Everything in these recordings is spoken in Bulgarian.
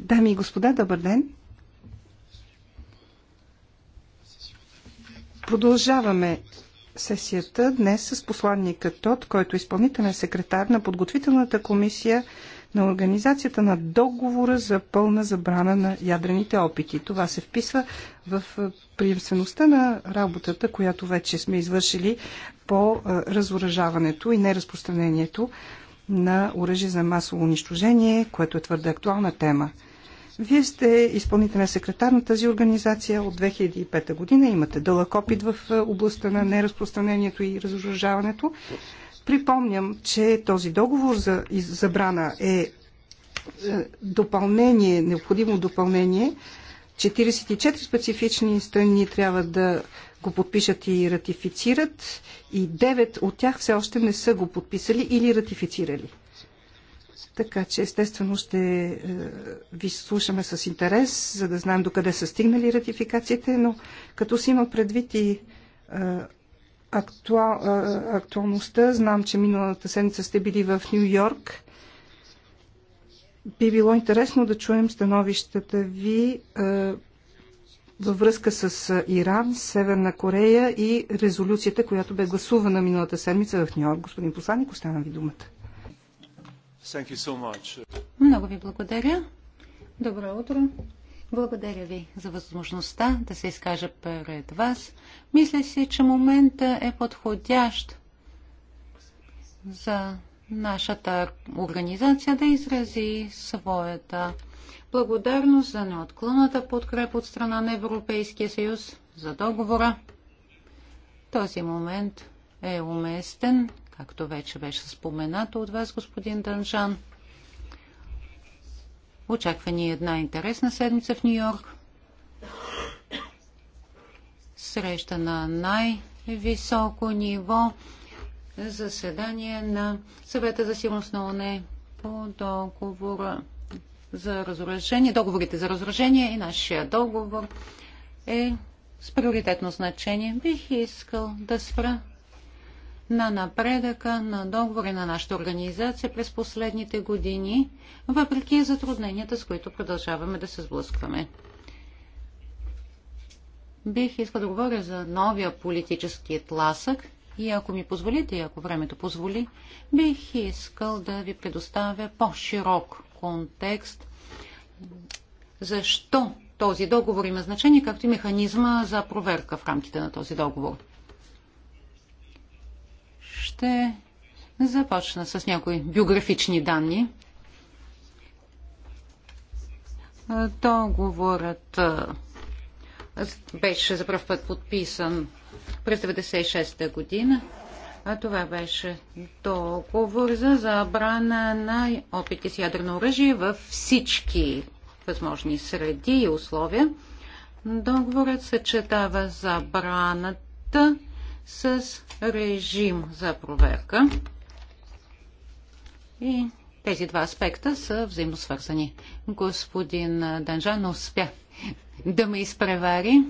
Дами и господа, добър ден! Продължаваме сесията днес с посланника Тот, който е изпълнителен секретар на подготвителната комисия на Организацията на договора за пълна забрана на ядрените опити. Това се вписва в приемствеността на работата, която вече сме извършили по разоръжаването и неразпространението на оръжие за масово унищожение, което е твърде актуална тема. Вие сте изпълнителен секретар на тази организация от 2005 година. Имате дълъг опит в е, областта на неразпространението и разоръжаването. Припомням, че този договор за забрана е, е допълнение, необходимо допълнение. 44 специфични страни трябва да го подпишат и ратифицират и 9 от тях все още не са го подписали или ратифицирали. Така че естествено ще е, ви слушаме с интерес, за да знаем докъде са стигнали ратификациите, но като си има предвид и е, актуал, е, актуалността, знам, че миналата седмица сте били в Нью Йорк. Би било интересно да чуем становищата ви във връзка с Иран, Северна Корея и резолюцията, която бе гласувана миналата седмица в Нью-Йорк. Господин посланник, оставям ви думата. So Много ви благодаря. Добро утро. Благодаря ви за възможността да се изкажа пред вас. Мисля си, че момента е подходящ за нашата организация да изрази своята благодарност за неотклонната подкрепа от страна на Европейския съюз за договора. Този момент е уместен, както вече беше споменато от вас, господин Данжан. Очаква ни една интересна седмица в Нью-Йорк. Среща на най-високо ниво заседание на съвета за сигурност на ОНЕ по договора за разоръжение, договорите за разоръжение и нашия договор е с приоритетно значение. Бих искал да спра на напредъка на договори на нашата организация през последните години, въпреки затрудненията, с които продължаваме да се сблъскваме. Бих искал да говоря за новия политически тласък и ако ми позволите, и ако времето позволи, бих искал да ви предоставя по-широк контекст защо този договор има значение, както и механизма за проверка в рамките на този договор. Ще започна с някои биографични данни. Договорът беше за първ път подписан през 1996 година а Това беше толкова за забрана на опити с ядрено оръжие във всички възможни среди и условия. Договорът съчетава забраната с режим за проверка. И тези два аспекта са взаимосвързани. Господин Данжан успя да ме изпревари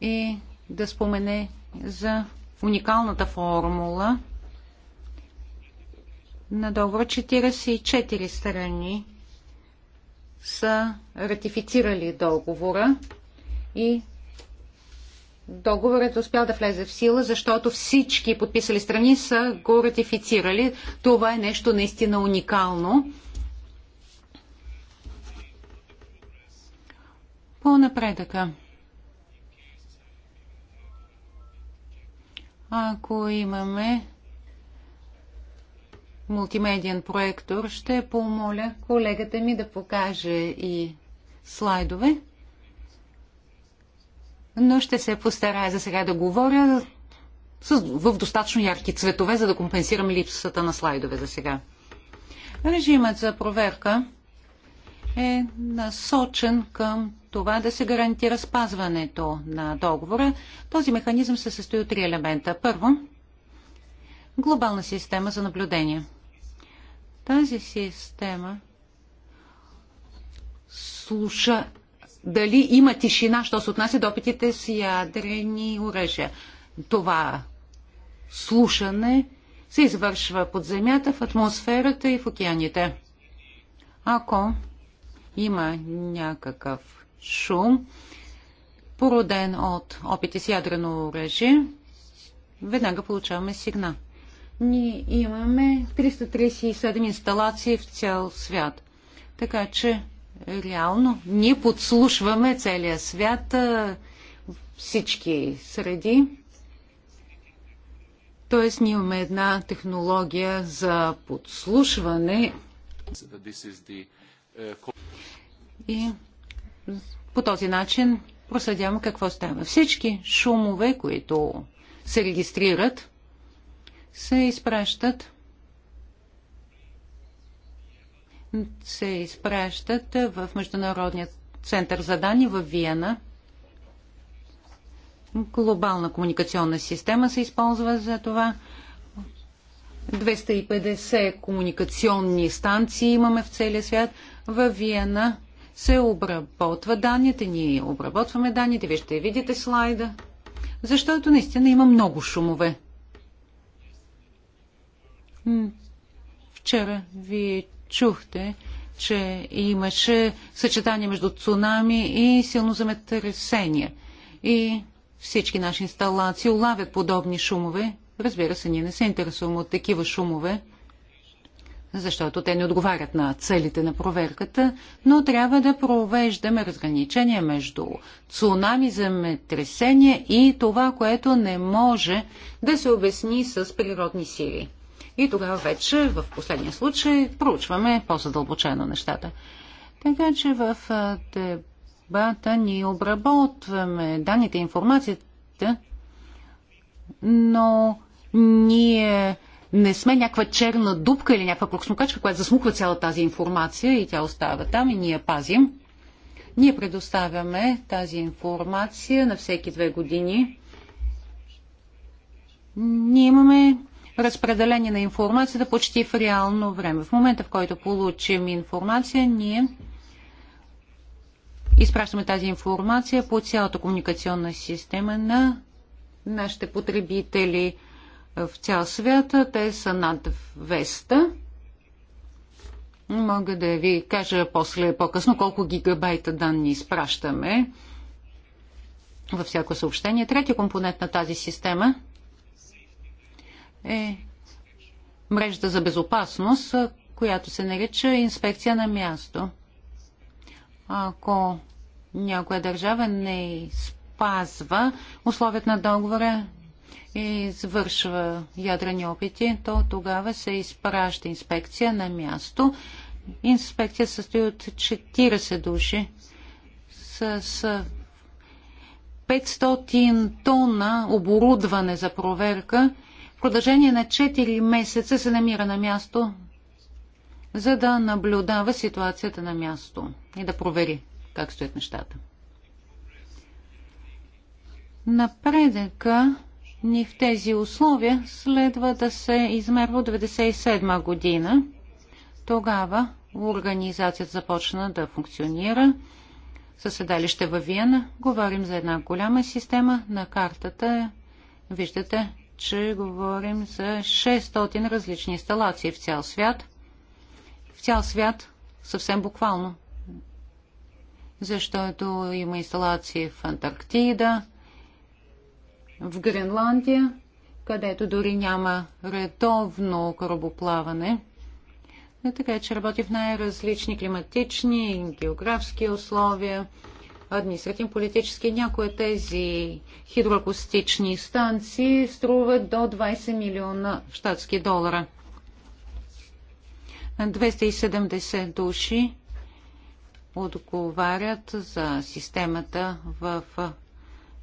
и да спомене за уникалната формула на договор. 44 страни са ратифицирали договора и договорът е успял да влезе в сила, защото всички подписали страни са го ратифицирали. Това е нещо наистина уникално. По напредъка. Ако имаме мултимедиен проектор, ще помоля колегата ми да покаже и слайдове. Но ще се постарая за сега да говоря в достатъчно ярки цветове, за да компенсирам липсата на слайдове за сега. Режимът за проверка е насочен към това да се гарантира спазването на договора. Този механизъм се състои от три елемента. Първо, глобална система за наблюдение. Тази система слуша дали има тишина, що се отнася до опитите с ядрени оръжия. Това слушане се извършва под земята, в атмосферата и в океаните. Ако има някакъв шум, породен от опити с ядрено оръжие, веднага получаваме сигнал. Ние имаме 337 инсталации в цял свят. Така че, реално, ние подслушваме целия свят, всички среди. Тоест, ние имаме една технология за подслушване и по този начин проследяваме какво става. Всички шумове, които се регистрират, се изпращат се изпращат в Международния център за данни в Виена. Глобална комуникационна система се използва за това. 250 комуникационни станции имаме в целия свят. В Виена се обработва данните. Ние обработваме данните. Вие ще видите слайда. Защото наистина има много шумове. Вчера вие чухте, че имаше съчетание между цунами и силно земетресение. И всички наши инсталации улавят подобни шумове. Разбира се, ние не се интересуваме от такива шумове защото те не отговарят на целите на проверката, но трябва да провеждаме разграничение между цунами, земетресения и това, което не може да се обясни с природни сили. И тогава вече, в последния случай, проучваме по-задълбочено нещата. Така че в дебата ни обработваме данните и информацията, но ние не сме някаква черна дупка или някаква проксмокачка, която засмуква цяла тази информация и тя остава там и ние пазим. Ние предоставяме тази информация на всеки две години. Ние имаме разпределение на информацията почти в реално време. В момента, в който получим информация, ние изпращаме тази информация по цялата комуникационна система на нашите потребители – в цял свят. Те са над 200. Мога да ви кажа после по-късно колко гигабайта данни изпращаме във всяко съобщение. Третия компонент на тази система е мрежата за безопасност, която се нарича инспекция на място. Ако някоя държава не спазва условията на договора, извършва ядрени опити, то тогава се изпраща инспекция на място. Инспекция състои от 40 души с 500 тона оборудване за проверка. В продължение на 4 месеца се намира на място, за да наблюдава ситуацията на място и да провери как стоят нещата. Напредъка ни в тези условия следва да се измерва 1997 година. Тогава организацията започна да функционира със седалище във Виена. Говорим за една голяма система. На картата виждате, че говорим за 600 различни инсталации в цял свят. В цял свят съвсем буквално. Защото има инсталации в Антарктида, в Гренландия, където дори няма редовно корабоплаване. Така че работи в най-различни климатични и географски условия, административно политически. Някои от тези хидроакустични станции струват до 20 милиона щатски долара. 270 души отговарят за системата в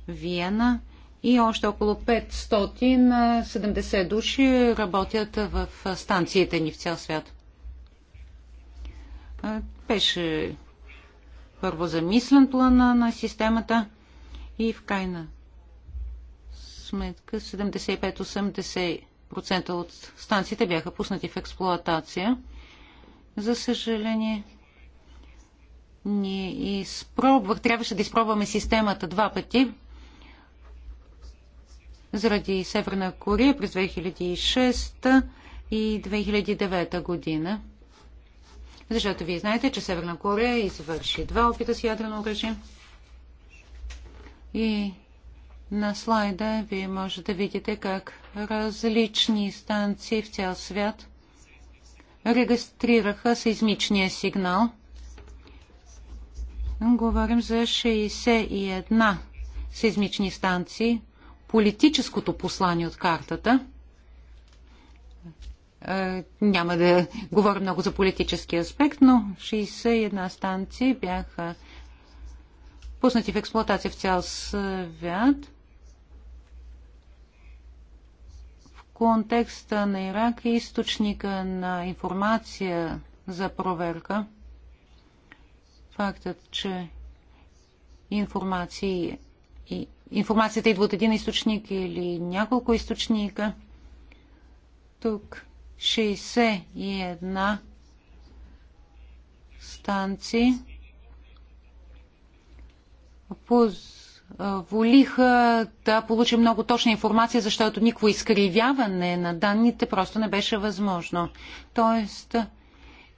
Виена и още около 570 души работят в станциите ни в цял свят. Беше първо замислен плана на системата и в крайна сметка 75-80% от станциите бяха пуснати в експлоатация. За съжаление, ние изпробвах, трябваше да изпробваме системата два пъти – заради Северна Корея през 2006 и 2009 година. Защото вие знаете, че Северна Корея извърши два опита с ядрено оръжие. И на слайда вие можете да видите как различни станции в цял свят регистрираха сейзмичния сигнал. Говорим за 61 сейзмични станции, политическото послание от картата. Е, няма да говоря много за политически аспект, но 61 станции бяха пуснати в експлуатация в цял свят – контекста на Ирак е източника на информация за проверка. Фактът, че информация информацията идва от един източник или няколко източника. Тук 61 станции позволиха да получим много точна информация, защото никакво изкривяване на данните просто не беше възможно. Тоест,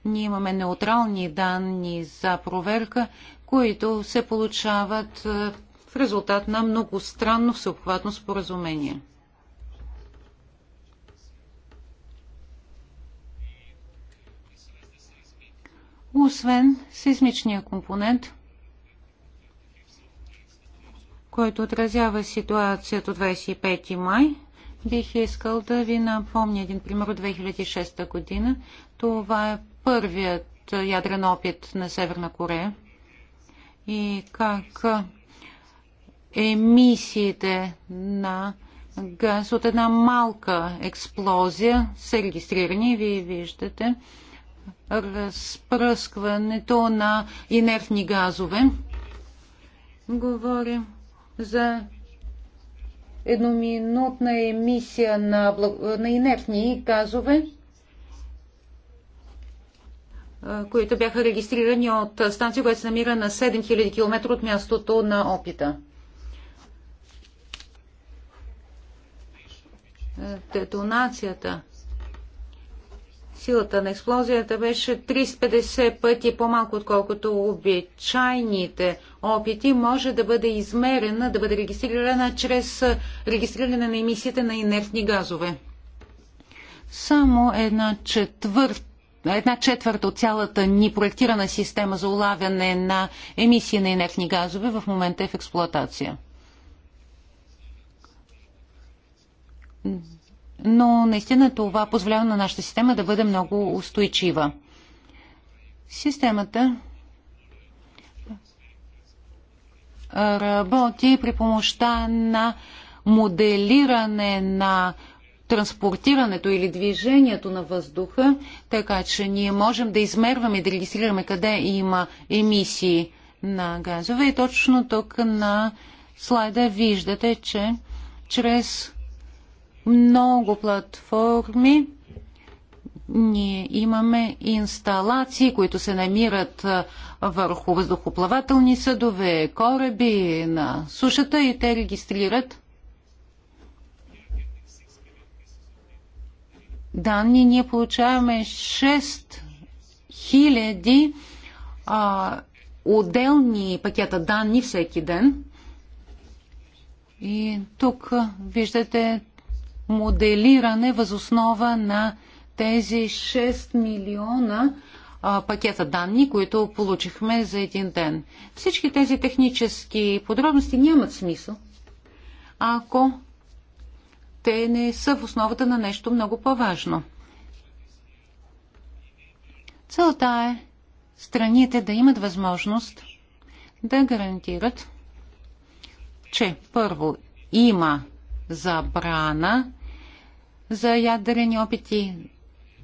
ние имаме неутрални данни за проверка, които се получават в резултат на многостранно всеобхватно споразумение. Освен сейсмичния компонент, който отразява ситуацията от 25 май, бих искал да ви напомня един пример от 2006 година. Това е първият ядрен опит на Северна Корея и как емисиите на газ от една малка експлозия са регистрирани. Вие виждате разпръскването на инертни газове. Говорим за едноминутна емисия на, на инертни газове, които бяха регистрирани от станция, която се намира на 7000 км от мястото на опита. детонацията. Силата на експлозията беше 350 пъти по-малко, отколкото обичайните опити. Може да бъде измерена, да бъде регистрирана чрез регистриране на емисиите на инертни газове. Само една четвърт една четвърта от цялата ни проектирана система за улавяне на емисии на инертни газове в момента е в експлоатация. но наистина това позволява на нашата система да бъде много устойчива. Системата работи при помощта на моделиране на транспортирането или движението на въздуха, така че ние можем да измерваме и да регистрираме къде има емисии на газове. И точно тук на слайда виждате, че чрез много платформи ние имаме инсталации, които се намират върху въздухоплавателни съдове, кораби на сушата и те регистрират данни. Ние получаваме 6 хиляди отделни пакета данни всеки ден. И тук виждате моделиране възоснова на тези 6 милиона а, пакета данни, които получихме за един ден. Всички тези технически подробности нямат смисъл, ако те не са в основата на нещо много по-важно. Целта е страните да имат възможност да гарантират, че първо има забрана за ядрени опити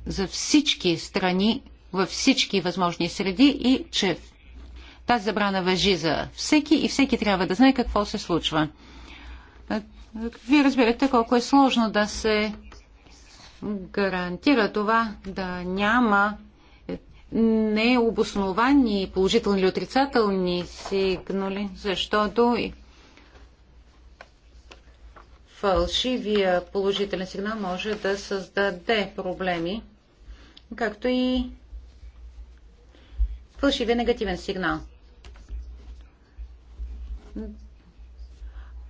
за всички страни, във всички възможни среди и че тази забрана въжи за всеки и всеки трябва да знае какво се случва. Вие разбирате колко е сложно да се гарантира това да няма необосновани положителни или отрицателни сигнали, защото фалшивия положителен сигнал може да създаде проблеми, както и фалшивия негативен сигнал.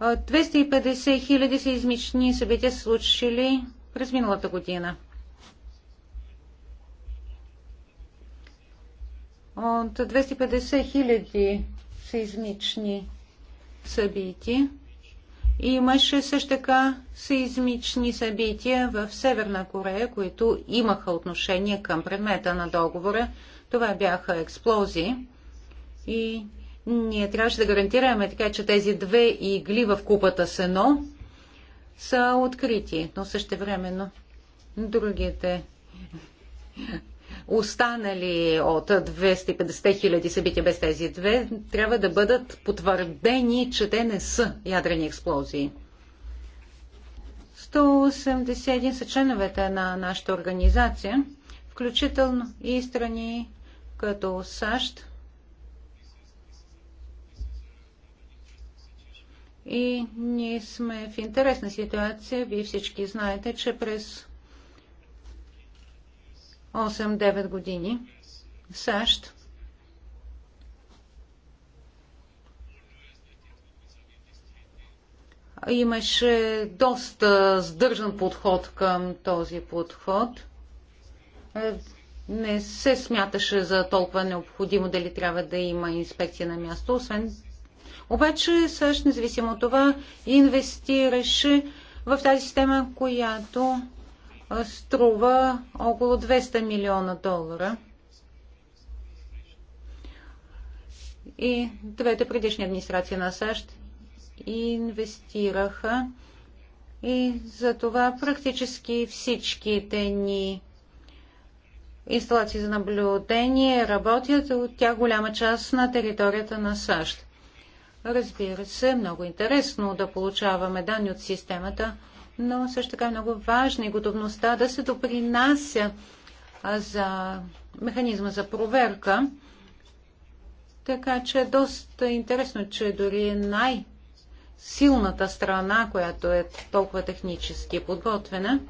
250 хиляди измични събития се случили през миналата година. От 250 хиляди сеизмични събития Имаше също така сейзмични събития в Северна Корея, които имаха отношение към предмета на договора. Това бяха експлозии и ние трябваше да гарантираме така, че тези две игли в купата сено са открити, но същевременно другите останали от 250 хиляди събития без тези две, трябва да бъдат потвърдени, че те не са ядрени експлозии. 181 са членовете на нашата организация, включително и страни като САЩ. И ние сме в интересна ситуация. Вие всички знаете, че през 8-9 години. В САЩ имаше доста сдържан подход към този подход. Е, не се смяташе за толкова необходимо дали трябва да има инспекция на място, освен обаче САЩ, независимо от това, инвестираше в тази система, която струва около 200 милиона долара. И двете предишни администрации на САЩ инвестираха и за това практически всичките ни инсталации за наблюдение работят от тях голяма част на територията на САЩ. Разбира се, много интересно да получаваме данни от системата, но също така е много важна и готовността да се допринася за механизма за проверка. Така че е доста интересно, че дори най- силната страна, която е толкова технически подготвена,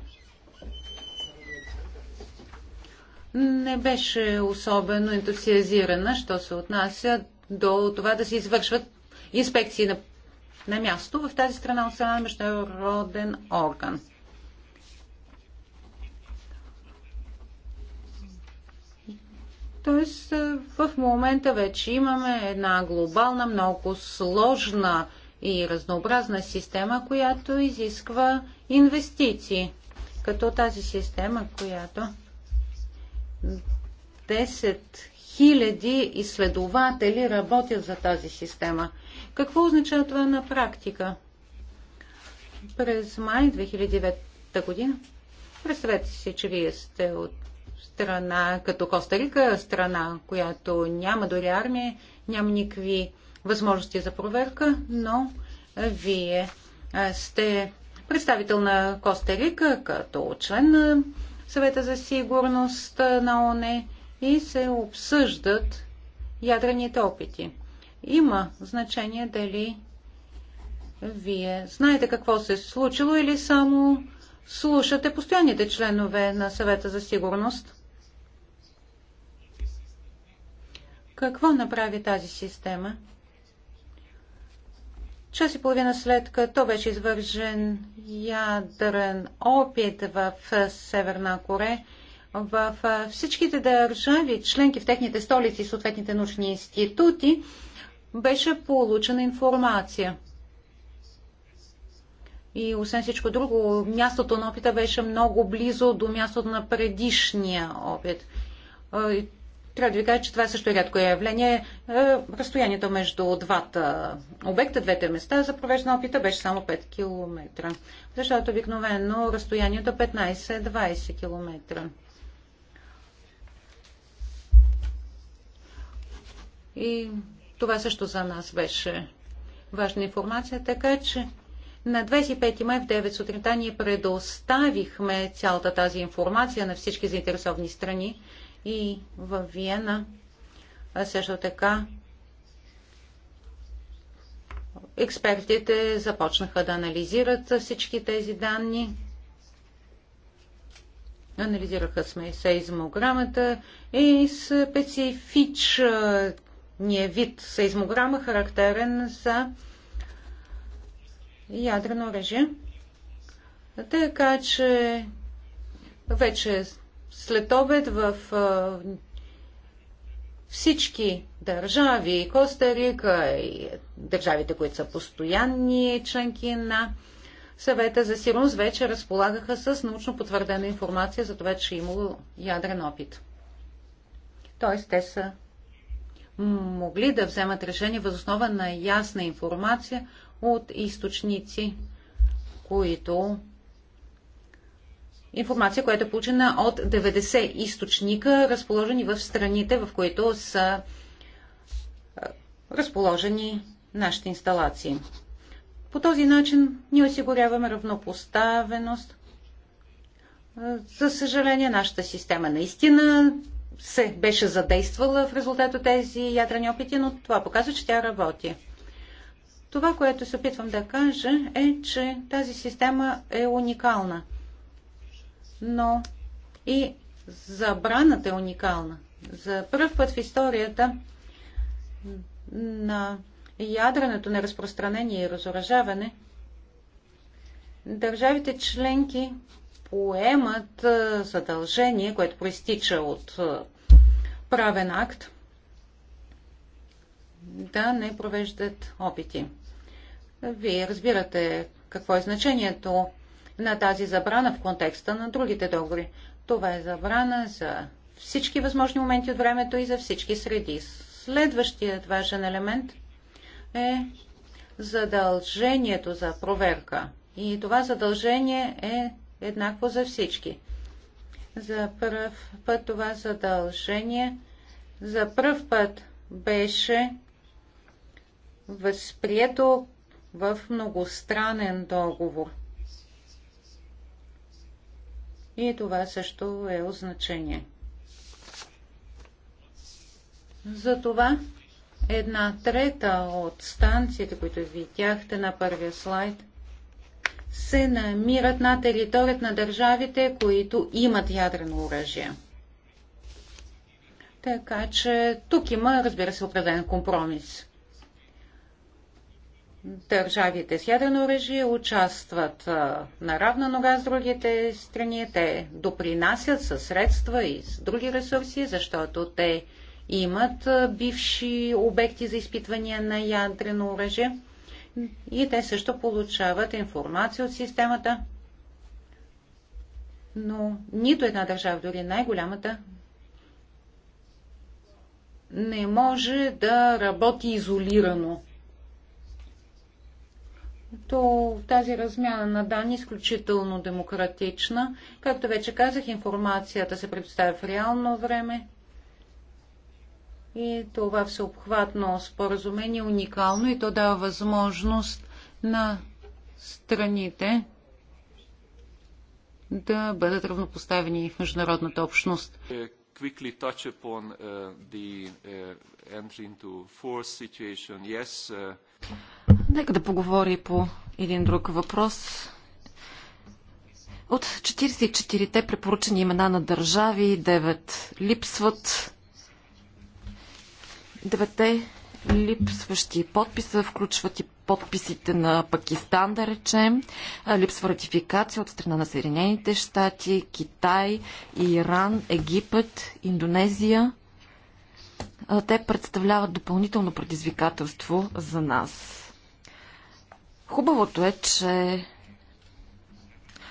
не беше особено ентусиазирана, що се отнася до това да се извършват инспекции на на място в тази страна от страна на международен орган. Тоест, в момента вече имаме една глобална, много сложна и разнообразна система, която изисква инвестиции. Като тази система, която 10 000 изследователи работят за тази система. Какво означава това на практика? През май 2009 година, представете си, че вие сте от страна като Коста Рика, страна, която няма дори армия, няма никакви възможности за проверка, но вие сте представител на Коста Рика като член на съвета за сигурност на ОНЕ и се обсъждат ядрените опити. Има значение дали вие знаете какво се е случило или само слушате постоянните членове на съвета за сигурност. Какво направи тази система? Час и половина след като беше извържен ядрен опит в Северна Корея, в всичките държави, членки в техните столици и съответните научни институти, беше получена информация. И освен всичко друго, мястото на опита беше много близо до мястото на предишния опит. Трябва да ви кажа, че това е също рядко явление. Е, разстоянието между двата обекта, двете места за провеждане на опита беше само 5 км. Защото обикновено разстоянието е 15-20 км. И това също за нас беше важна информация, така че на 25 май в 9 сутринта ние предоставихме цялата тази информация на всички заинтересовани страни и в Виена също така експертите започнаха да анализират всички тези данни. Анализираха сме и и специфичната е вид сейзмограма, характерен за ядрено оръжие. Така че вече след обед в всички държави, Коста Рика и държавите, които са постоянни членки на съвета за Сирунс, вече разполагаха с научно потвърдена информация за това, че е имало ядрен опит. Тоест, те са могли да вземат решение възоснова на ясна информация от източници, които информация, която е получена от 90 източника, разположени в страните, в които са разположени нашите инсталации. По този начин ние осигуряваме равнопоставеност. За съжаление, нашата система наистина се беше задействала в резултат от тези ядрени опити, но това показва, че тя работи. Това, което се опитвам да кажа, е, че тази система е уникална. Но и забраната е уникална. За първ път в историята на ядренето на разпространение и разоръжаване, държавите членки поемат задължение, което проистича от правен акт, да не провеждат опити. Вие разбирате какво е значението на тази забрана в контекста на другите договори. Това е забрана за всички възможни моменти от времето и за всички среди. Следващият важен елемент е задължението за проверка. И това задължение е еднакво за всички. За първ път това задължение за първ път беше възприето в многостранен договор. И това също е означение. Затова една трета от станциите, които видяхте на първия слайд, се намират на територията на държавите, които имат ядрено оръжие. Така че тук има, разбира се, определен компромис. Държавите с ядрено оръжие участват на равна нога с другите страни. Те допринасят със средства и с други ресурси, защото те имат бивши обекти за изпитвания на ядрено оръжие и те също получават информация от системата. Но нито една държава, дори най-голямата, не може да работи изолирано. То тази размяна на данни е изключително демократична. Както вече казах, информацията се предоставя в реално време и това всеобхватно споразумение е уникално и то дава възможност на страните да бъдат равнопоставени в международната общност. Е, е, е, yes. Нека да поговори по един друг въпрос. От 44-те препоръчени имена на държави, 9 липсват. Девете липсващи подписа включват и подписите на Пакистан, да речем. Липсва ратификация от страна на Съединените щати, Китай, Иран, Египет, Индонезия. Те представляват допълнително предизвикателство за нас. Хубавото е, че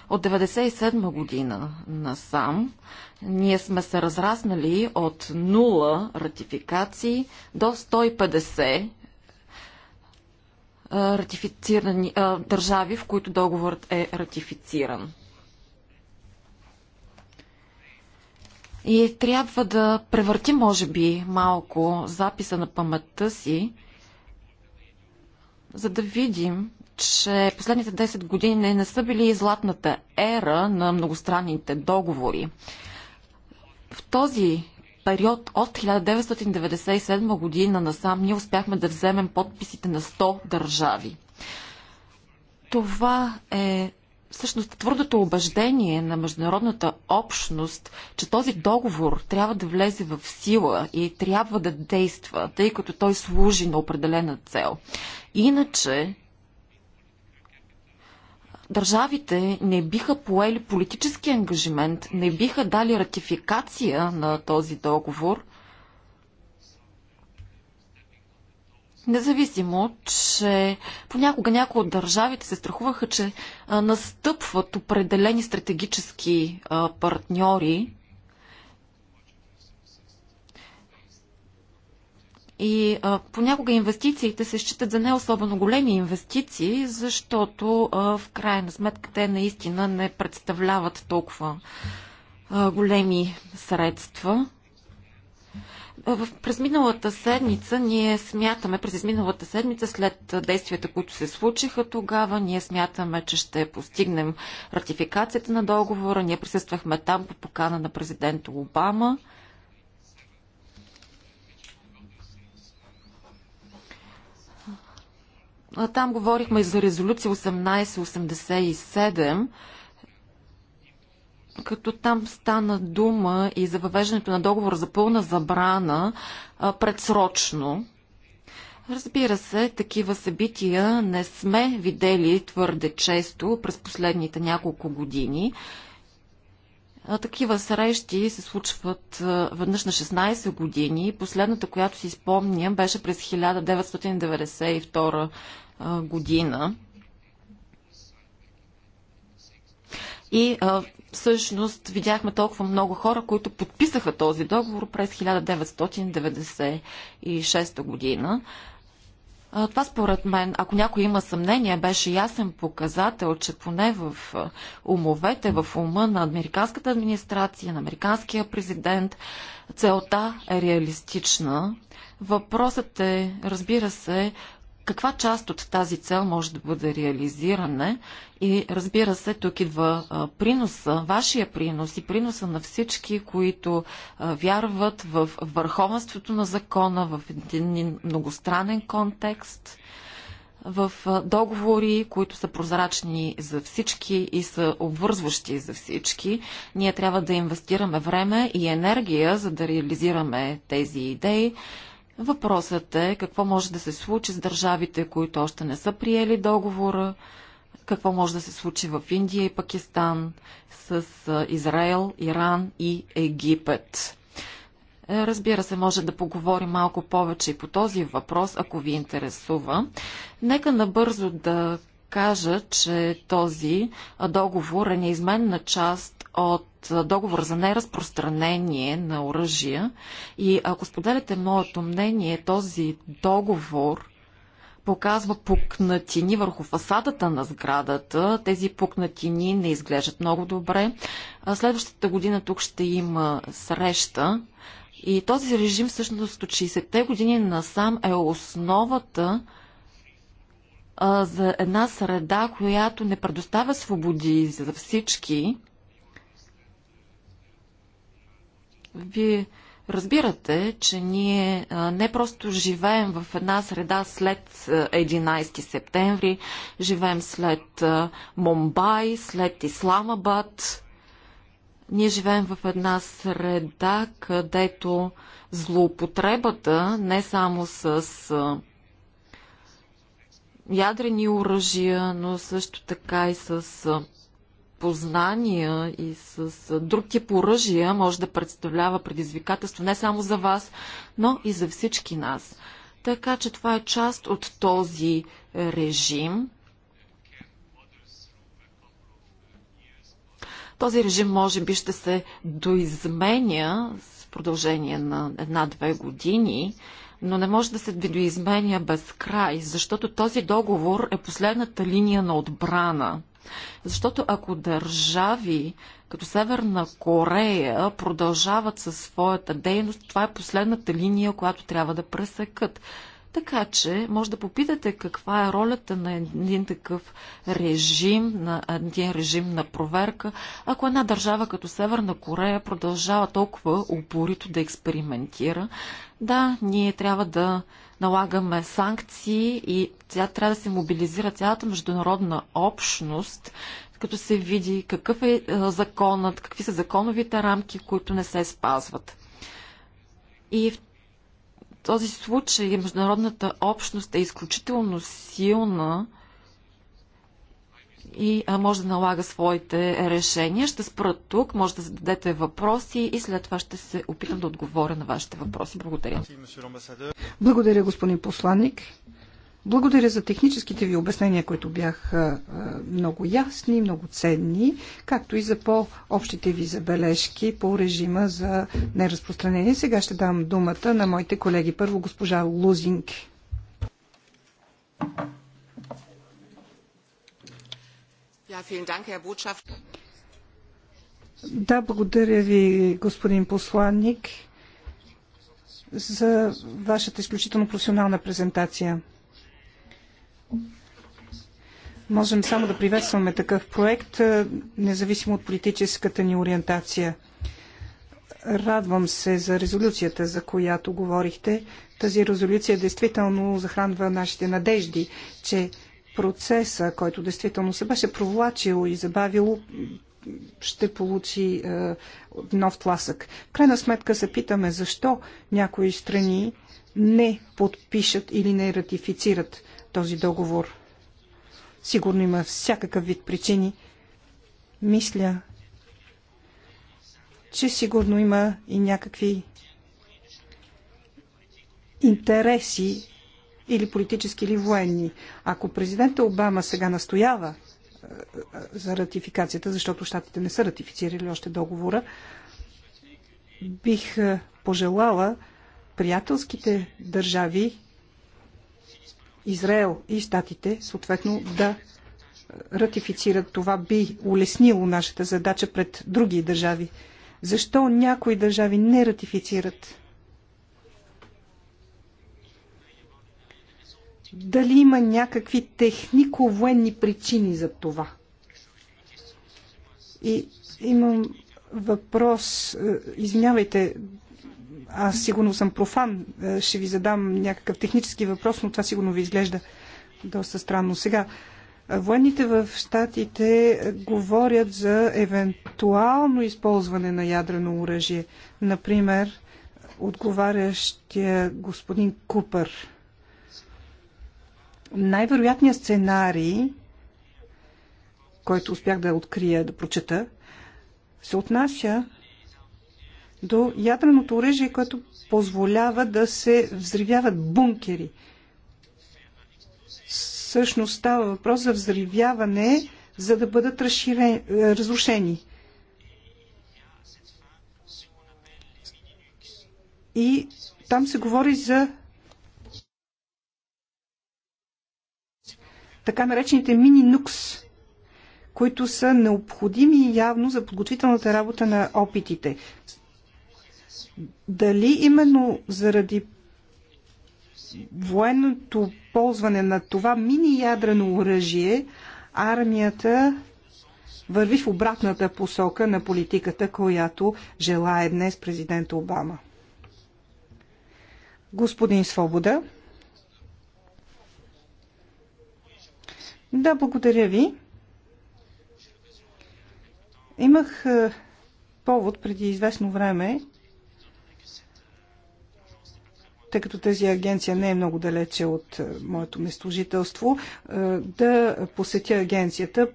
от 1997 година насам ние сме се разраснали от 0 ратификации до 150 ратифицирани, държави, в които договорът е ратифициран. И трябва да превърти, може би, малко записа на паметта си, за да видим че последните 10 години не са били златната ера на многостранните договори. В този период от 1997 година насам ние успяхме да вземем подписите на 100 държави. Това е всъщност твърдото убеждение на международната общност, че този договор трябва да влезе в сила и трябва да действа, тъй като той служи на определена цел. Иначе държавите не биха поели политически ангажимент, не биха дали ратификация на този договор, Независимо, че понякога някои от държавите се страхуваха, че настъпват определени стратегически партньори, И а, понякога инвестициите се считат за не особено големи инвестиции, защото а, в крайна сметка те наистина не представляват толкова а, големи средства. през миналата седмица ние смятаме, през миналата седмица, след действията, които се случиха тогава, ние смятаме, че ще постигнем ратификацията на договора. Ние присъствахме там по покана на президента Обама. Там говорихме и за резолюция 1887, като там стана дума и за въвеждането на договор за пълна забрана а, предсрочно. Разбира се, такива събития не сме видели твърде често през последните няколко години, такива срещи се случват веднъж на 16 години. Последната, която си спомням, беше през 1992 година. И всъщност видяхме толкова много хора, които подписаха този договор през 1996 година. Това според мен, ако някой има съмнение, беше ясен показател, че поне в умовете, в ума на американската администрация, на американския президент, целта е реалистична. Въпросът е, разбира се, каква част от тази цел може да бъде реализиране и разбира се, тук идва приноса, вашия принос и приноса на всички, които вярват в върховенството на закона, в един многостранен контекст, в договори, които са прозрачни за всички и са обвързващи за всички. Ние трябва да инвестираме време и енергия, за да реализираме тези идеи Въпросът е какво може да се случи с държавите, които още не са приели договора, какво може да се случи в Индия и Пакистан, с Израел, Иран и Египет. Е, разбира се, може да поговорим малко повече и по този въпрос, ако ви интересува. Нека набързо да кажа, че този договор е неизменна част от договор за неразпространение на оръжия и ако споделяте моето мнение, този договор показва пукнатини върху фасадата на сградата. Тези пукнатини не изглеждат много добре. Следващата година тук ще има среща и този режим всъщност от 60-те години насам е основата за една среда, която не предоставя свободи за всички, Вие разбирате, че ние не просто живеем в една среда след 11 септември, живеем след Мумбай, след Исламабад. Ние живеем в една среда, където злоупотребата не само с ядрени оръжия, но също така и с познания и с друг тип оръжия може да представлява предизвикателство не само за вас, но и за всички нас. Така че това е част от този режим. Този режим може би ще се доизменя с продължение на една-две години, но не може да се видоизменя без край, защото този договор е последната линия на отбрана – защото ако държави като Северна Корея продължават със своята дейност, това е последната линия, която трябва да пресекат. Така че може да попитате каква е ролята на един такъв режим, на един режим на проверка, ако една държава като Северна Корея продължава толкова упорито да експериментира. Да, ние трябва да налагаме санкции и тя трябва да се мобилизира цялата международна общност, като се види какъв е, е законът, какви са законовите рамки, които не се спазват. И в този случай международната общност е изключително силна, и може да налага своите решения. Ще спра тук, може да зададете въпроси и след това ще се опитам да отговоря на вашите въпроси. Благодаря. Благодаря, господин посланник. Благодаря за техническите ви обяснения, които бяха много ясни, много ценни, както и за по-общите ви забележки по режима за неразпространение. Сега ще дам думата на моите колеги. Първо госпожа Лузинг. Thank you. Да, благодаря ви, господин посланник, за вашата изключително професионална презентация. Можем само да приветстваме такъв проект, е, независимо от политическата ни ориентация. Радвам се за резолюцията, за която говорихте. Тази резолюция действително захранва нашите надежди, че процеса, който действително се беше провлачил и забавил, ще получи е, нов тласък. В крайна сметка се питаме защо някои страни не подпишат или не ратифицират този договор. Сигурно има всякакъв вид причини. Мисля, че сигурно има и някакви интереси или политически, или военни. Ако президента Обама сега настоява е, е, за ратификацията, защото щатите не са ратифицирали още договора, бих е, пожелала приятелските държави Израел и щатите съответно да ратифицират. Това би улеснило нашата задача пред други държави. Защо някои държави не ратифицират? дали има някакви технико-военни причини за това. И имам въпрос, е, извинявайте, аз сигурно съм профан, е, ще ви задам някакъв технически въпрос, но това сигурно ви изглежда доста странно. Сега, е, военните в Штатите говорят за евентуално използване на ядрено оръжие. Например, отговарящия господин Купър най-вероятният сценарий, който успях да открия, да прочета, се отнася до ядреното оръжие, което позволява да се взривяват бункери. Същност става въпрос за взривяване, за да бъдат разрушени. И там се говори за така наречените мини-нукс, които са необходими явно за подготвителната работа на опитите. Дали именно заради военното ползване на това мини-ядрено оръжие, армията върви в обратната посока на политиката, която желая днес президента Обама. Господин Свобода. Да, благодаря ви. Имах е, повод преди известно време, тъй като тази агенция не е много далече от е, моето местожителство, е, да посетя агенцията.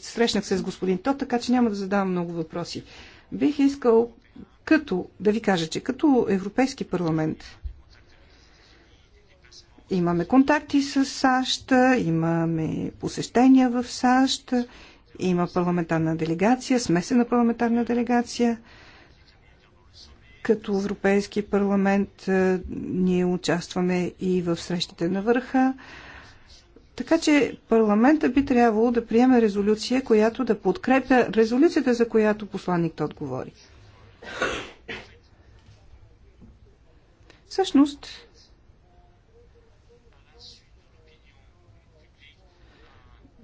Срещнах се с господин Тот, така че няма да задавам много въпроси. Бих искал като, да ви кажа, че като Европейски парламент Имаме контакти с САЩ, имаме посещения в САЩ, има парламентарна делегация, смесена парламентарна делегация. Като Европейски парламент е, ние участваме и в срещите на върха. Така че парламента би трябвало да приеме резолюция, която да подкрепя резолюцията, за която посланник Тот говори. Всъщност,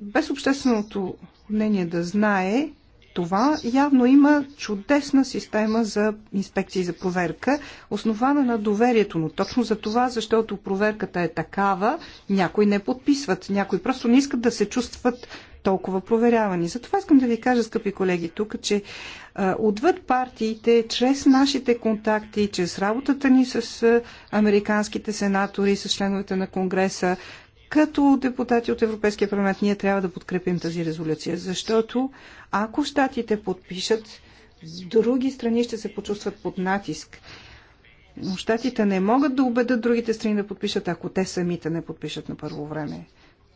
без общественото мнение да знае това, явно има чудесна система за инспекции за проверка, основана на доверието, но точно за това, защото проверката е такава, някои не подписват, някои просто не искат да се чувстват толкова проверявани. Затова искам да ви кажа, скъпи колеги, тук, че а, отвъд партиите, чрез нашите контакти, чрез работата ни с а, американските сенатори, с членовете на Конгреса, като депутати от Европейския парламент ние трябва да подкрепим тази резолюция, защото ако щатите подпишат, други страни ще се почувстват под натиск. Но щатите не могат да убедат другите страни да подпишат, ако те самите не подпишат на първо време.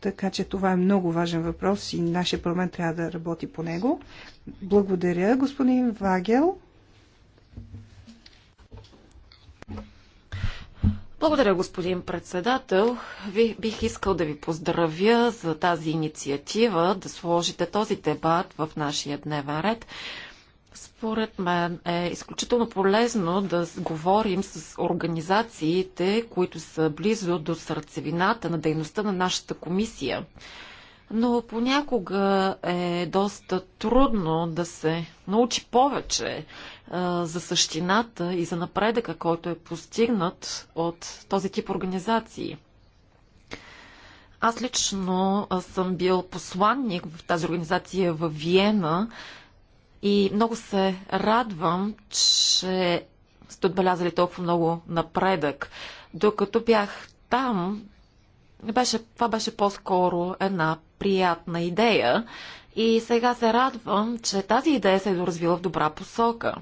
Така че това е много важен въпрос и нашия парламент трябва да работи по него. Благодаря, господин Вагел. Благодаря, господин председател. Ви, бих искал да ви поздравя за тази инициатива да сложите този дебат в нашия дневен ред. Според мен е изключително полезно да говорим с организациите, които са близо до сърцевината на дейността на нашата комисия но понякога е доста трудно да се научи повече а, за същината и за напредъка, който е постигнат от този тип организации. Аз лично съм бил посланник в тази организация в Виена и много се радвам, че сте отбелязали толкова много напредък. Докато бях там, беше, това беше по-скоро една приятна идея и сега се радвам, че тази идея се е доразвила в добра посока.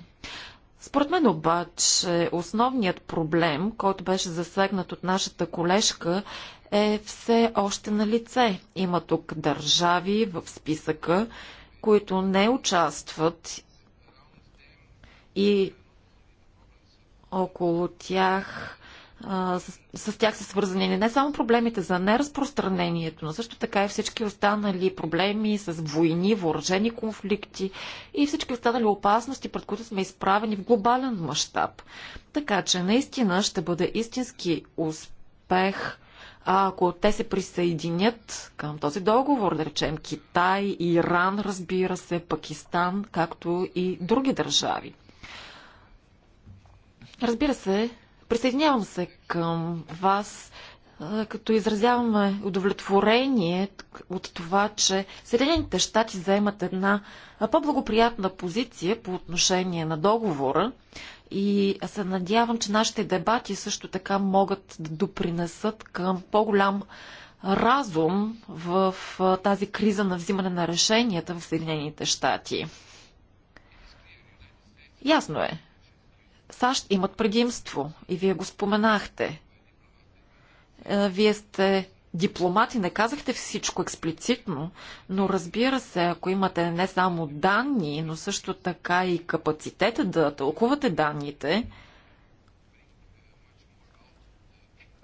Според мен обаче основният проблем, който беше засегнат от нашата колежка, е все още на лице. Има тук държави в списъка, които не участват и около тях с, с тях са свързани не само проблемите за неразпространението, но също така и всички останали проблеми с войни, въоръжени конфликти и всички останали опасности, пред които сме изправени в глобален мащаб. Така че наистина ще бъде истински успех а ако те се присъединят към този договор, да речем Китай, Иран, разбира се, Пакистан, както и други държави. Разбира се, Присъединявам се към вас, като изразяваме удовлетворение от това, че Съединените щати заемат една по-благоприятна позиция по отношение на договора и се надявам, че нашите дебати също така могат да допринесат към по-голям разум в тази криза на взимане на решенията в Съединените щати. Ясно е, САЩ имат предимство и вие го споменахте. Е, вие сте дипломати, не казахте всичко експлицитно, но разбира се, ако имате не само данни, но също така и капацитета да тълкувате данните,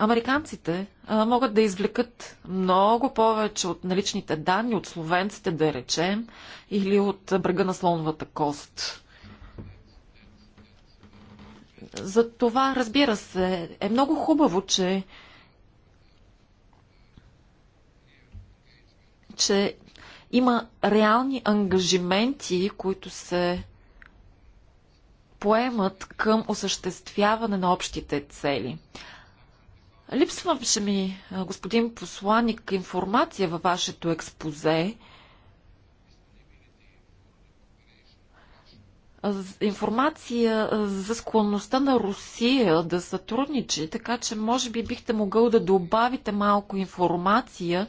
Американците е, могат да извлекат много повече от наличните данни от словенците, да речем, или от бръга на слоновата кост. За това, разбира се, е много хубаво, че че има реални ангажименти, които се поемат към осъществяване на общите цели. Липсваше ми, господин посланник, информация във вашето експозе информация за склонността на Русия да сътрудничи, така че може би бихте могъл да добавите малко информация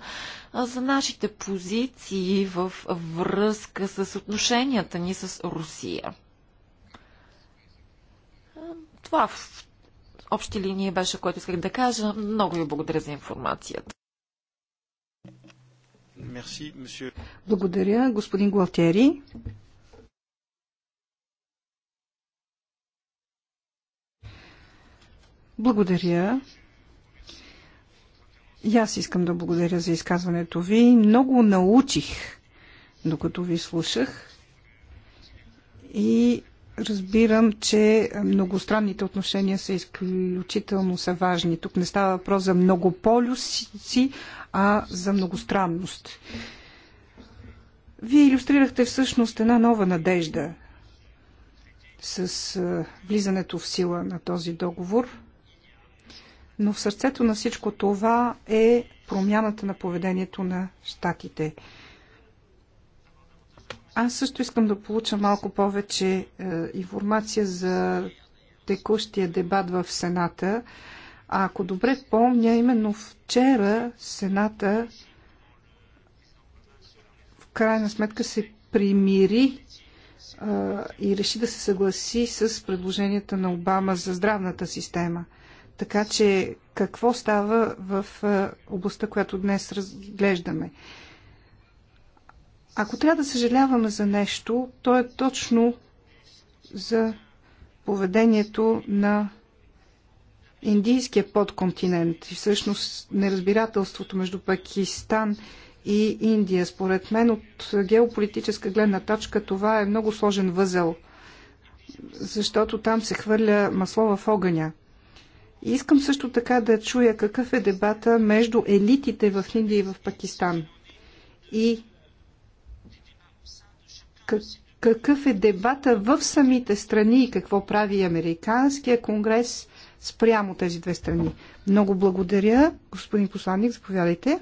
за нашите позиции в връзка с отношенията ни с Русия. Това в общи линии беше, което исках да кажа. Много ви благодаря за информацията. Благодаря, господин Гуалтери. Благодаря. И аз искам да благодаря за изказването ви. Много научих, докато ви слушах. И разбирам, че многостранните отношения са изключително са важни. Тук не става въпрос за много полюси, а за многостранност. Вие иллюстрирахте всъщност една нова надежда с влизането в сила на този договор – но в сърцето на всичко това е промяната на поведението на щатите. Аз също искам да получа малко повече е, информация за текущия дебат в Сената. А ако добре помня, именно вчера Сената в крайна сметка се примири е, и реши да се съгласи с предложенията на Обама за здравната система – така че какво става в е, областта, която днес разглеждаме? Ако трябва да съжаляваме за нещо, то е точно за поведението на индийския подконтинент и всъщност неразбирателството между Пакистан и Индия. Според мен от геополитическа гледна точка това е много сложен възел, защото там се хвърля масло в огъня – и искам също така да чуя какъв е дебата между елитите в Индия и в Пакистан. И какъв е дебата в самите страни и какво прави Американския конгрес спрямо тези две страни. Много благодаря. Господин посланник, заповядайте.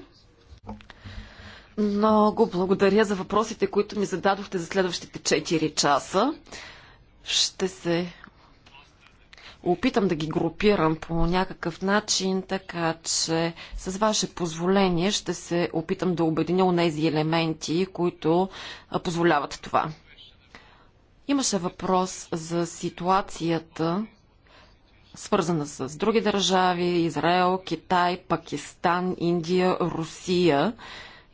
Много благодаря за въпросите, които ми зададохте за следващите 4 часа. Ще се опитам да ги групирам по някакъв начин, така че с ваше позволение ще се опитам да обединя онези елементи, които позволяват това. Имаше въпрос за ситуацията, свързана с други държави Израел, Китай, Пакистан, Индия, Русия.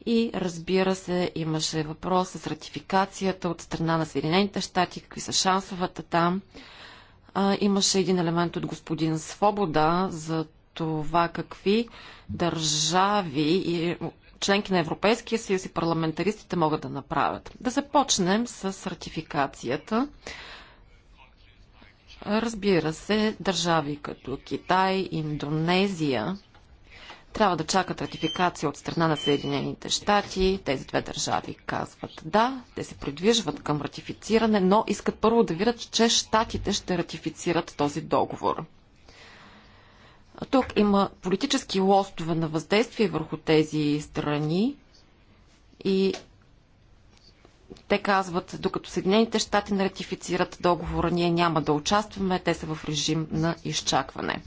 И разбира се, имаше въпрос с ратификацията от страна на Съединените щати, какви са шансовете там. А, имаше един елемент от господин Свобода за това какви държави и членки на Европейския съюз и парламентаристите могат да направят. Да започнем с ратификацията. Разбира се, държави като Китай, Индонезия трябва да чакат ратификация от страна на Съединените щати. Тези две държави казват да, те се придвижват към ратифициране, но искат първо да видят, че щатите ще ратифицират този договор. Тук има политически лостове на въздействие върху тези страни и те казват, докато Съединените щати не ратифицират договора, ние няма да участваме, те са в режим на изчакване.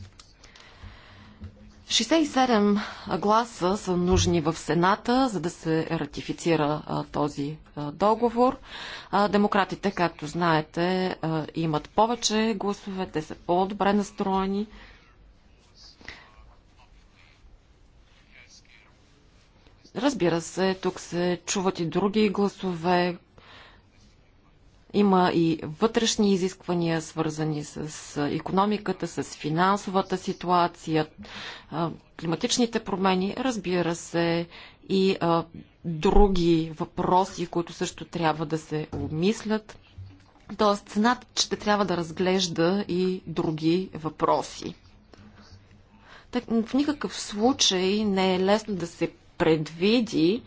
67 гласа са нужни в Сената, за да се ратифицира а, този а, договор. А, демократите, както знаете, имат повече гласове, те са по-добре настроени. Разбира се, тук се чуват и други гласове, има и вътрешни изисквания, свързани с економиката, с финансовата ситуация, климатичните промени, разбира се, и други въпроси, които също трябва да се обмислят. Тоест, цената ще трябва да разглежда и други въпроси. Так, в никакъв случай не е лесно да се предвиди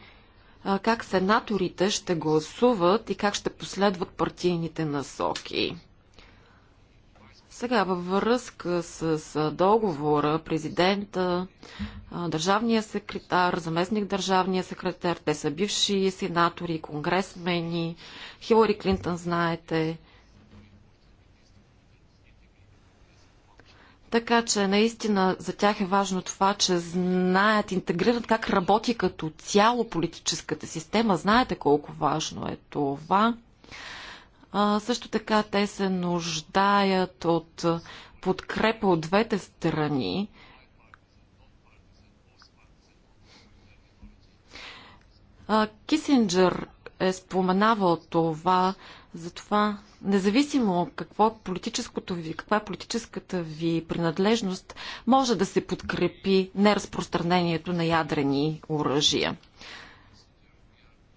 как сенаторите ще гласуват и как ще последват партийните насоки. Сега във връзка с договора президента, държавния секретар, заместник държавния секретар, те са бивши сенатори, конгресмени, Хилари Клинтън, знаете, Така че наистина за тях е важно това, че знаят, интегрират как работи като цяло политическата система. Знаете колко важно е това. А, също така те се нуждаят от подкрепа от двете страни. А, Кисинджер е споменавал това, затова, независимо какво е политическото ви, каква е политическата ви принадлежност, може да се подкрепи неразпространението на ядрени оръжия.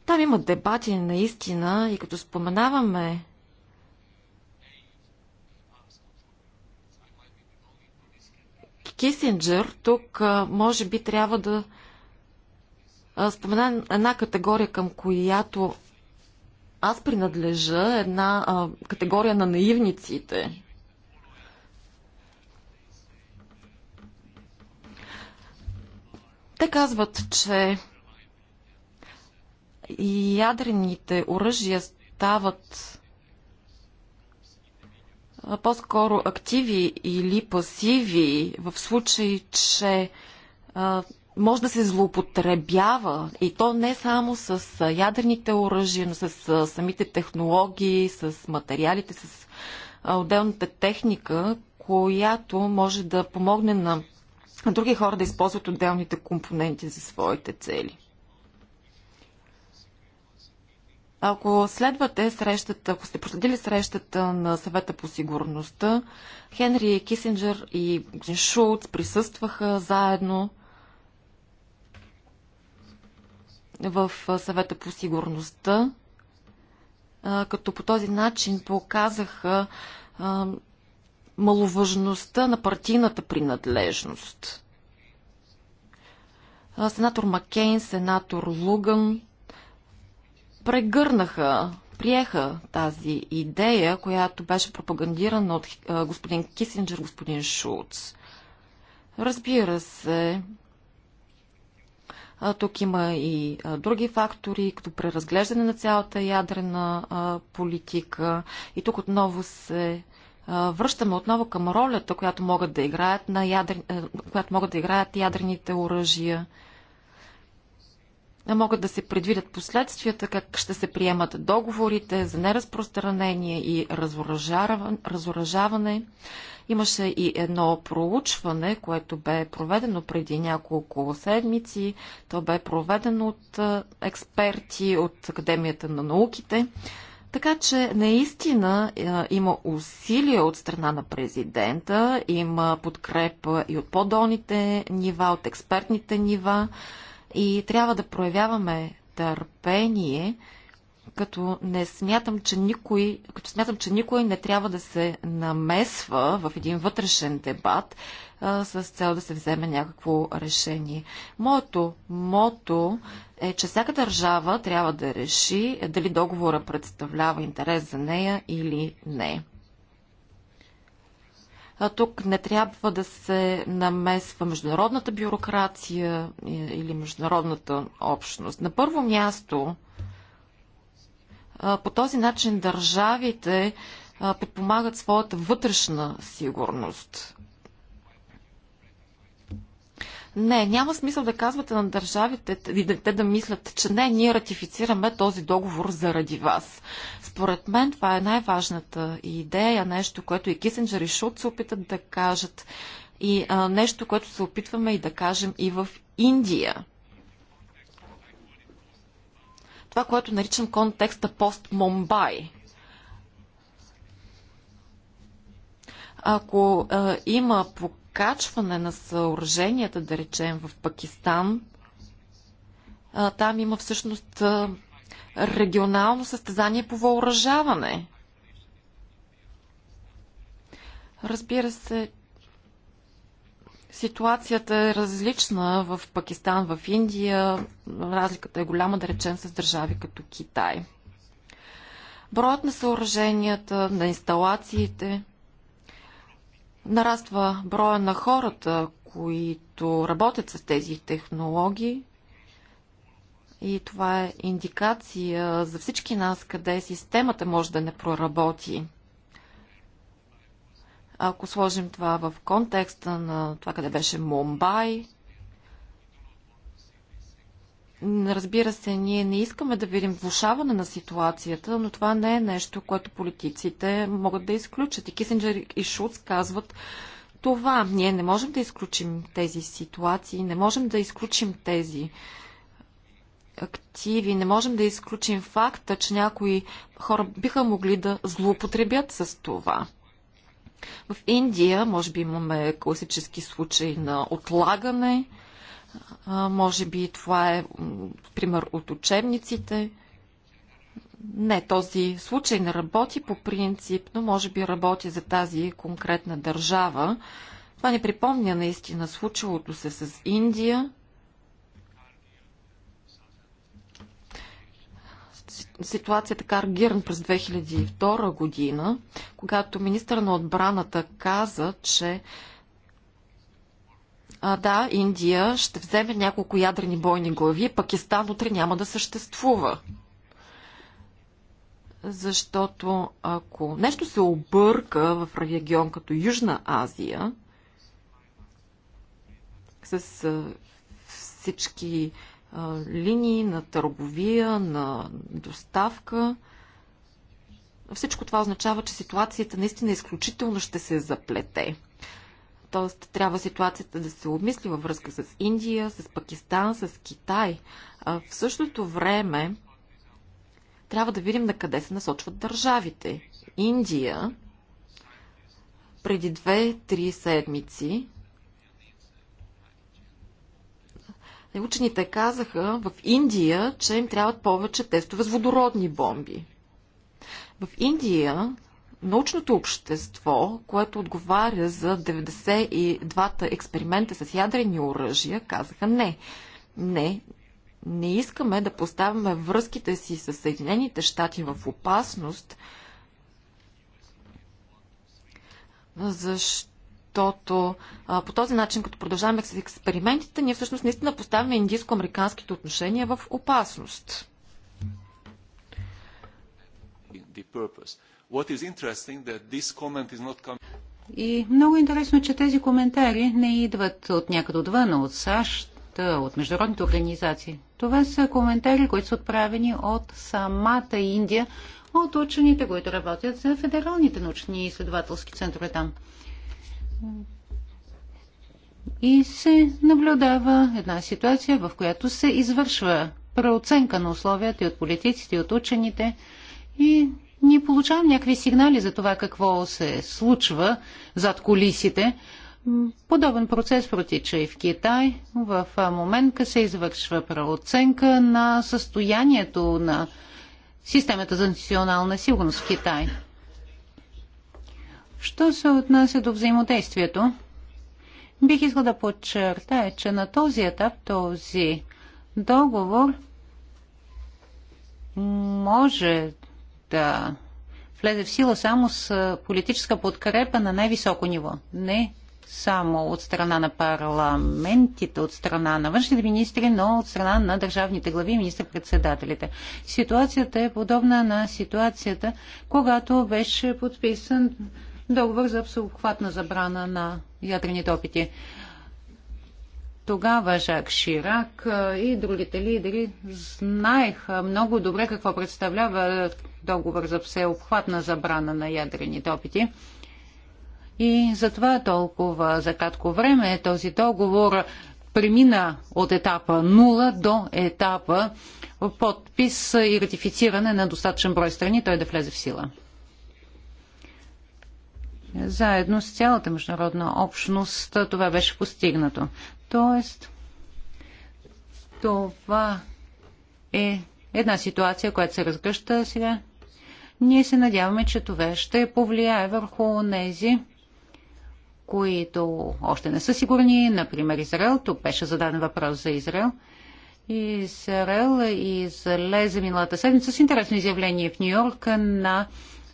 Там има дебати наистина и като споменаваме Кисинджер, тук може би трябва да спомена една категория, към която аз принадлежа една а, категория на наивниците. Те казват, че ядрените оръжия стават по-скоро активи или пасиви в случай, че а, може да се злоупотребява и то не само с ядрените оръжия, но с самите технологии, с материалите, с отделната техника, която може да помогне на други хора да използват отделните компоненти за своите цели. Ако следвате срещата, ако сте проследили срещата на съвета по сигурността, Хенри Кисинджер и Шулц присъстваха заедно – в съвета по сигурността, като по този начин показаха маловъжността на партийната принадлежност. Сенатор Маккейн, сенатор Луган прегърнаха, приеха тази идея, която беше пропагандирана от господин Кисинджер, господин Шулц. Разбира се, тук има и други фактори, като преразглеждане на цялата ядрена политика. И тук отново се връщаме отново към ролята, която могат да играят, на ядр... Е, която могат да играят ядрените оръжия могат да се предвидят последствията, как ще се приемат договорите за неразпространение и разоръжаване. Имаше и едно проучване, което бе проведено преди няколко седмици. То бе проведено от експерти от Академията на науките. Така че наистина има усилия от страна на президента, има подкрепа и от по-долните нива, от експертните нива и трябва да проявяваме търпение, като не смятам, че никой, като смятам, че никой не трябва да се намесва в един вътрешен дебат с цел да се вземе някакво решение. Моето мото е, че всяка държава трябва да реши е, дали договора представлява интерес за нея или не. Тук не трябва да се намесва международната бюрокрация или международната общност. На първо място, по този начин държавите подпомагат своята вътрешна сигурност. Не, няма смисъл да казвате на държавите, те да мислят, че не, ние ратифицираме този договор заради вас. Според мен това е най-важната идея, нещо, което и Кисенджер и Шут се опитат да кажат и а, нещо, което се опитваме и да кажем и в Индия. Това, което наричам контекста пост-Момбай. Ако а, има качване на съоръженията, да речем, в Пакистан, там има всъщност регионално състезание по въоръжаване. Разбира се, ситуацията е различна в Пакистан, в Индия. Разликата е голяма, да речем, с държави като Китай. Броят на съоръженията, на инсталациите, Нараства броя на хората, които работят с тези технологии. И това е индикация за всички нас, къде системата може да не проработи. Ако сложим това в контекста на това, къде беше Мумбай, Разбира се, ние не искаме да видим влушаване на ситуацията, но това не е нещо, което политиците могат да изключат. И Кисенджер и Шуц казват това. Ние не можем да изключим тези ситуации, не можем да изключим тези активи, не можем да изключим факта, че някои хора биха могли да злоупотребят с това. В Индия, може би имаме класически случаи на отлагане, може би това е пример от учебниците. Не, този случай не работи по принцип, но може би работи за тази конкретна държава. Това ни припомня наистина случилото се с Индия. Ситуацията Каргирн през 2002 година, когато министър на отбраната каза, че а, да, Индия ще вземе няколко ядрени бойни глави, Пакистан утре няма да съществува. Защото ако нещо се обърка в регион като Южна Азия, с всички линии на търговия, на доставка, всичко това означава, че ситуацията наистина изключително ще се заплете. Т.е. трябва ситуацията да се обмисли във връзка с Индия, с Пакистан, с Китай. А в същото време трябва да видим на къде се насочват държавите. Индия преди две-три седмици е, учените казаха в Индия, че им трябват повече тестове с водородни бомби. В Индия научното общество, което отговаря за 92-та експеримента с ядрени оръжия, казаха не. Не, не искаме да поставяме връзките си с Съединените щати в опасност, защото а, по този начин, като продължаваме с експериментите, ние всъщност наистина поставяме индийско-американските отношения в опасност. The purpose. И много интересно, че тези коментари не идват от някъде отвън, от САЩ, от международните организации. Това са коментари, които са отправени от самата Индия, от учените, които работят за федералните научни и изследователски центрове там. И се наблюдава една ситуация, в която се извършва преоценка на условията и от политиците, и от учените. И ние получаваме някакви сигнали за това какво се случва зад колисите. Подобен процес протича и в Китай. В момента се извършва преоценка на състоянието на системата за национална сигурност в Китай. Що се отнася до взаимодействието? Бих искал да подчертая, че на този етап този договор може да влезе в сила само с политическа подкрепа на най-високо ниво. Не само от страна на парламентите, от страна на външните министри, но от страна на държавните глави и министр-председателите. Ситуацията е подобна на ситуацията, когато беше подписан договор за всеобхватна забрана на ядрените опити. Тогава Жак Ширак и другите лидери знаеха много добре какво представлява договор за всеобхватна забрана на ядрените опити. И затова толкова за кратко време този договор премина от етапа 0 до етапа подпис и ратифициране на достатъчен брой страни, той да влезе в сила. Заедно с цялата международна общност това беше постигнато. Тоест, това е една ситуация, която се разгръща сега ние се надяваме, че това ще повлияе върху нези, които още не са сигурни, например Израел. Тук беше зададен въпрос за Израел. Израел излезе миналата седмица с интересно изявление в Нью-Йорк на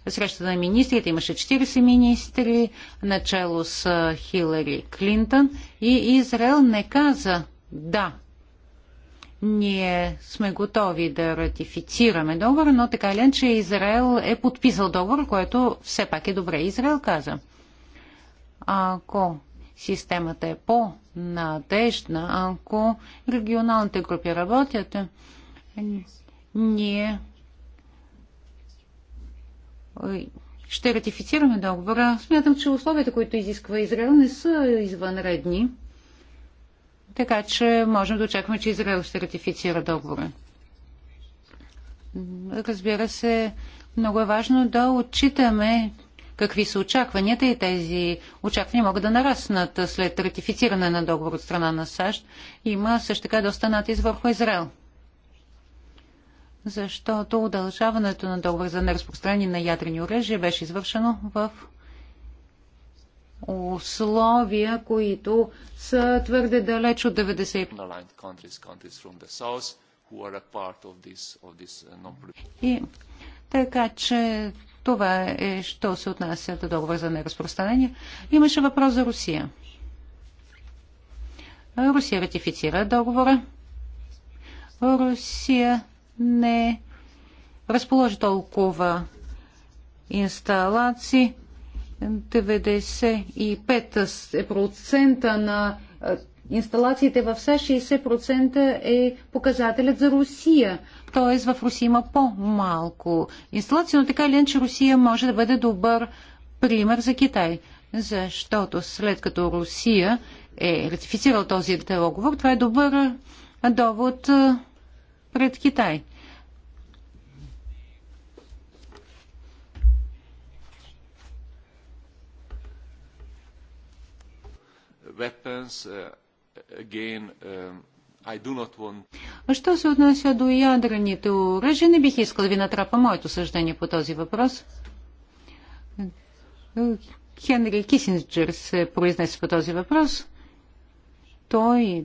срещата на министрите. Имаше 40 министри, начало с Хилари Клинтон и Израел не каза да ние сме готови да ратифицираме договор, но така ли, че Израел е подписал договор, което все пак е добре. Израел каза, ако системата е по-надежна, ако регионалните групи работят, ние ще ратифицираме договора. Смятам, че условията, които изисква Израел, не са извънредни. Така че можем да очакваме, че Израел ще ратифицира договора. Разбира се, много е важно да отчитаме какви са очакванията и тези очаквания могат да нараснат след ратифициране на договор от страна на САЩ. Има също така доста натиск върху Израел. Защото удължаването на договор за неразпространение на ядрени оръжия беше извършено в условия, които са твърде далеч от 90%. Uh, И, така че това е, що се отнася до договор за неразпространение. Имаше въпрос за Русия. Русия ратифицира договора. Русия не разположи толкова инсталации, 95% на е, инсталациите в САЩ 60% е показателят за Русия. Тоест в Русия има по-малко инсталации, но така или иначе Русия може да бъде добър пример за Китай. Защото след като Русия е ратифицирал този договор, това е добър довод пред Китай. weapons, uh, again, um, I do not want... Що се отнася до ядрените оръжия, не бих искал да ви натрапа моето съждение по този въпрос. Хенри Кисинджер се произнесе по този въпрос. Той и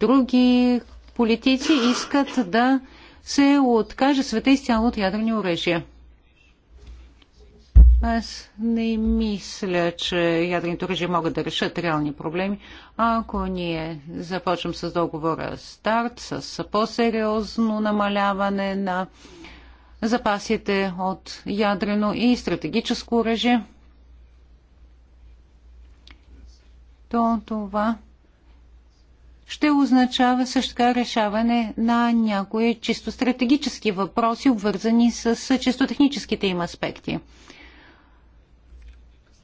други политици искат да се откаже света изцяло от ядрени оръжия. Аз не мисля, че ядрените оръжия могат да решат реални проблеми. Ако ние започнем с договора старт, с по-сериозно намаляване на запасите от ядрено и стратегическо оръжие, то това ще означава също така решаване на някои чисто стратегически въпроси, обвързани с чисто техническите им аспекти.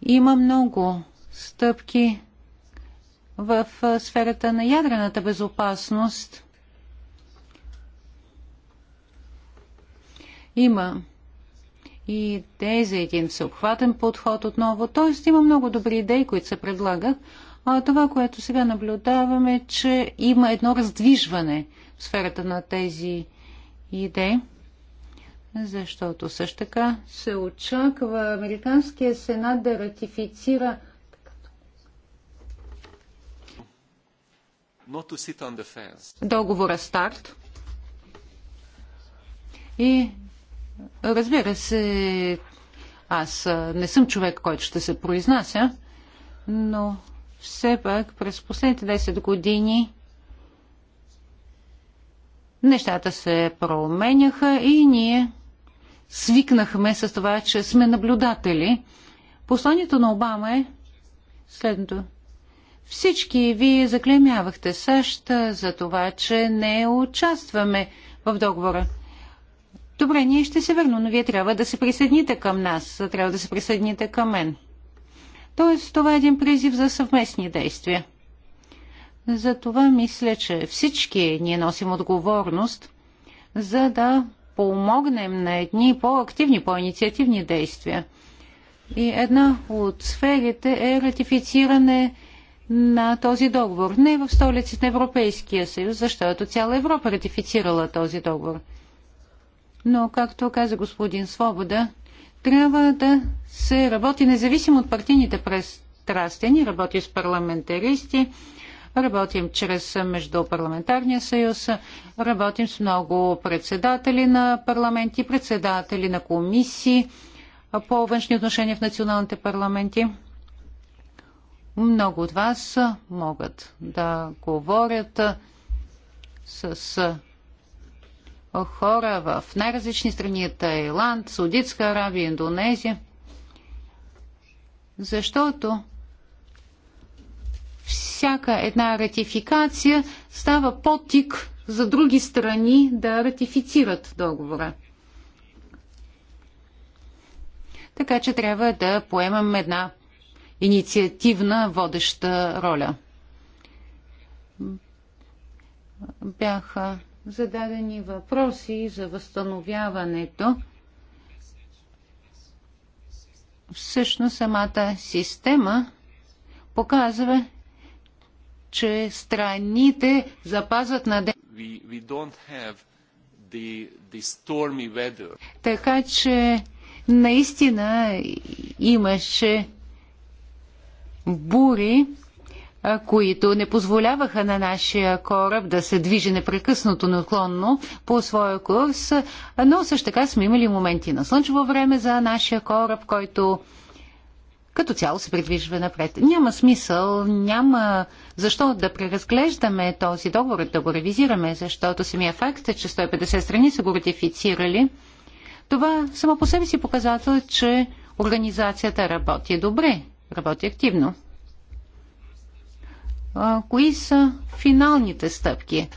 Има много стъпки в сферата на ядрената безопасност. Има и идеи за един всеобхватен подход отново. Т.е. има много добри идеи, които се предлагат. А това, което сега наблюдаваме, че има едно раздвижване в сферата на тези идеи защото също така се очаква Американския сенат да ратифицира договора старт. И разбира се, аз не съм човек, който ще се произнася, но все пак през последните 10 години нещата се променяха и ние свикнахме с това, че сме наблюдатели. Посланието на Обама е следното. Всички вие заклемявахте САЩ за това, че не участваме в договора. Добре, ние ще се върнем, но вие трябва да се присъедините към нас, трябва да се присъедините към мен. Тоест, това е един призив за съвместни действия. За това мисля, че всички ние носим отговорност, за да помогнем на едни по-активни, по-инициативни действия. И една от сферите е ратифициране на този договор. Не в столиците на Европейския съюз, защото цяла Европа ратифицирала този договор. Но, както каза господин Свобода, трябва да се работи независимо от партийните престрастия. Ни работи с парламентаристи, работим чрез Междупарламентарния съюз, работим с много председатели на парламенти, председатели на комисии по външни отношения в националните парламенти. Много от вас могат да говорят с хора в най-различни страни Тайланд, Саудитска Арабия, Индонезия. Защото всяка една ратификация става потик за други страни да ратифицират договора. Така че трябва да поемам една инициативна водеща роля. Бяха зададени въпроси за възстановяването. Всъщност самата система показва, че страните запазват надежда. Така че наистина имаше бури, които не позволяваха на нашия кораб да се движи непрекъснато неотклонно по своя курс, но също така сме имали моменти на слънчево време за нашия кораб, който като цяло се придвижва напред. Няма смисъл, няма защо да преразглеждаме този договор, да го ревизираме, защото самия факт е, че 150 страни са го ратифицирали. Това само по себе си показател е, че организацията работи добре, работи активно. А, кои са финалните стъпки?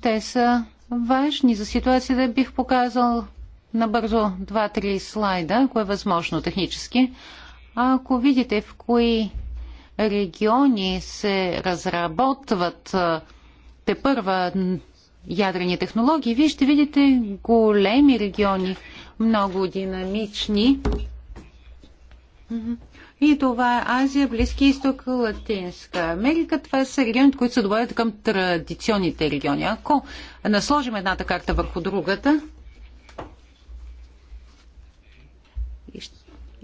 Те са важни за ситуацията, бих показал набързо два-три слайда, ако е възможно технически. А ако видите в кои региони се разработват те първа ядрени технологии, вие ще видите големи региони, много динамични. И това е Азия, Близки изток, Латинска Америка. Това са региони, които се добавят към традиционните региони. Ако насложим едната карта върху другата,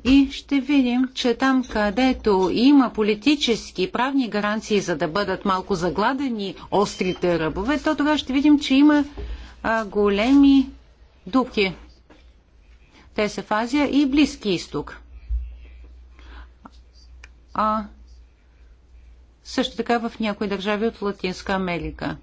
И ще видим, че там, където има политически и правни гаранции, за да бъдат малко загладени острите ръбове, то тогава ще видим, че има а, големи дупки. Те са в Азия и Близки изток. А също така в някои държави от Латинска Америка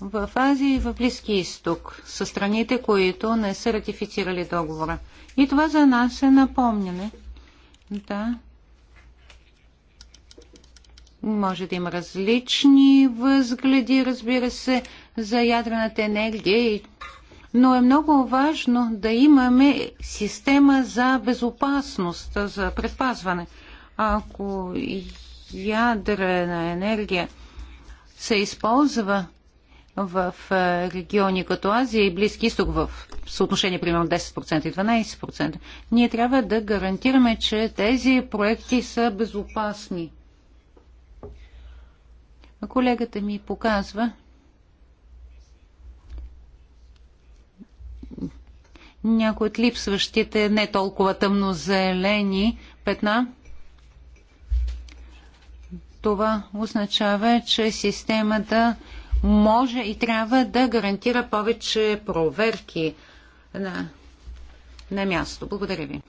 в Азия и в Близки изток, са страните, които не са ратифицирали договора. И това за нас е напомняне. Да. Може да има различни възгледи, разбира се, за ядрената енергия, но е много важно да имаме система за безопасност, за предпазване. Ако ядрена енергия се използва в е, региони като Азия и Близки изток в съотношение примерно 10% и 12%, ние трябва да гарантираме, че тези проекти са безопасни. Колегата ми показва. Някои от липсващите не толкова тъмнозелени петна. Това означава, че системата да може и трябва да гарантира повече проверки на, на място. Благодаря ви.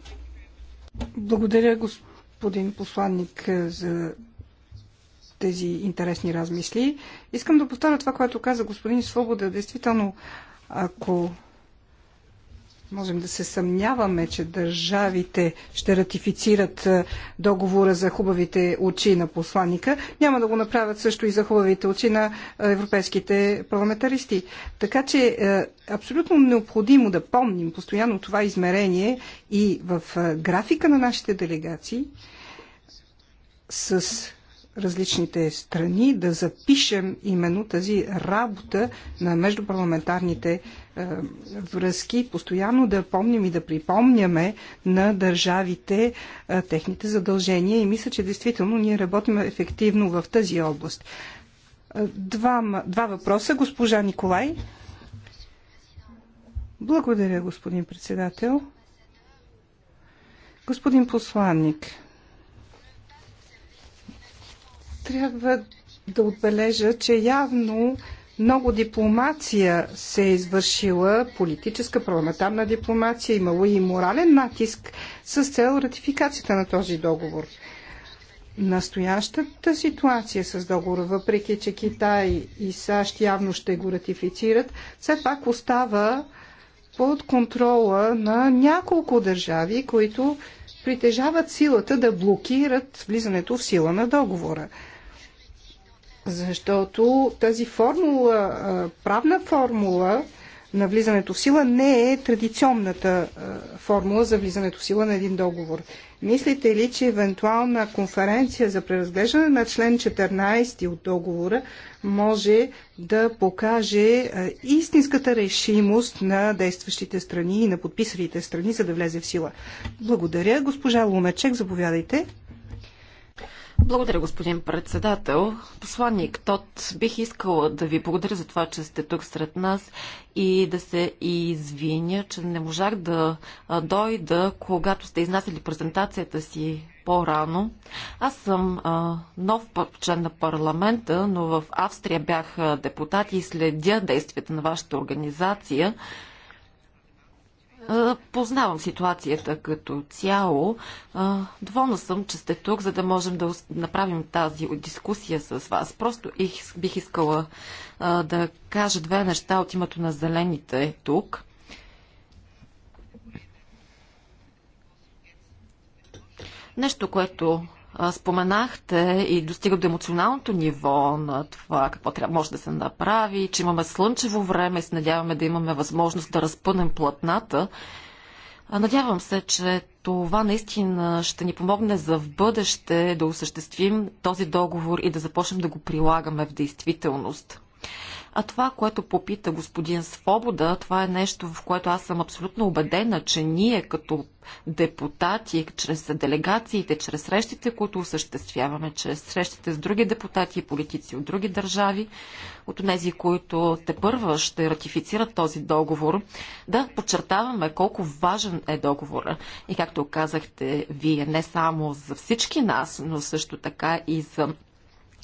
Благодаря, господин посланник, за тези интересни размисли. Искам да повторя това, което каза господин Свобода. Действително, ако Можем да се съмняваме, че държавите ще ратифицират е, договора за хубавите очи на посланника. Няма да го направят също и за хубавите очи на е, европейските парламентаристи. Така че е абсолютно необходимо да помним постоянно това измерение и в е, графика на нашите делегации с различните страни, да запишем именно тази работа на междупарламентарните е, връзки, постоянно да помним и да припомняме на държавите е, техните задължения и мисля, че действително ние работим ефективно в тази област. Е, два, два въпроса. Госпожа Николай. Благодаря, господин председател. Господин посланник, трябва да отбележа, че явно много дипломация се е извършила, политическа, парламентарна дипломация, имало и морален натиск с цел ратификацията на този договор. Настоящата ситуация с договора, въпреки че Китай и САЩ явно ще го ратифицират, все пак остава под контрола на няколко държави, които притежават силата да блокират влизането в сила на договора. Защото тази формула, правна формула на влизането в сила не е традиционната формула за влизането в сила на един договор. Мислите ли, че евентуална конференция за преразглеждане на член 14 от договора може да покаже истинската решимост на действащите страни и на подписалите страни, за да влезе в сила? Благодаря. Госпожа Лумечек, заповядайте. Благодаря, господин председател. Посланник Тот, бих искала да ви благодаря за това, че сте тук сред нас и да се извиня, че не можах да дойда, когато сте изнасяли презентацията си по-рано. Аз съм а, нов член на парламента, но в Австрия бях депутат и следя действията на вашата организация. Е, познавам ситуацията като цяло. Е, доволна съм, че сте тук, за да можем да направим тази дискусия с вас. Просто бих искала е, да кажа две неща от името на зелените тук. Нещо, което споменахте и достига до емоционалното ниво на това какво трябва, може да се направи, че имаме слънчево време и се надяваме да имаме възможност да разпънем платната. Надявам се, че това наистина ще ни помогне за в бъдеще да осъществим този договор и да започнем да го прилагаме в действителност. А това, което попита господин Свобода, това е нещо, в което аз съм абсолютно убедена, че ние като депутати, чрез делегациите, чрез срещите, които осъществяваме, чрез срещите с други депутати и политици от други държави, от тези, които те първа ще ратифицират този договор, да подчертаваме колко важен е договора. И както казахте вие, не само за всички нас, но също така и за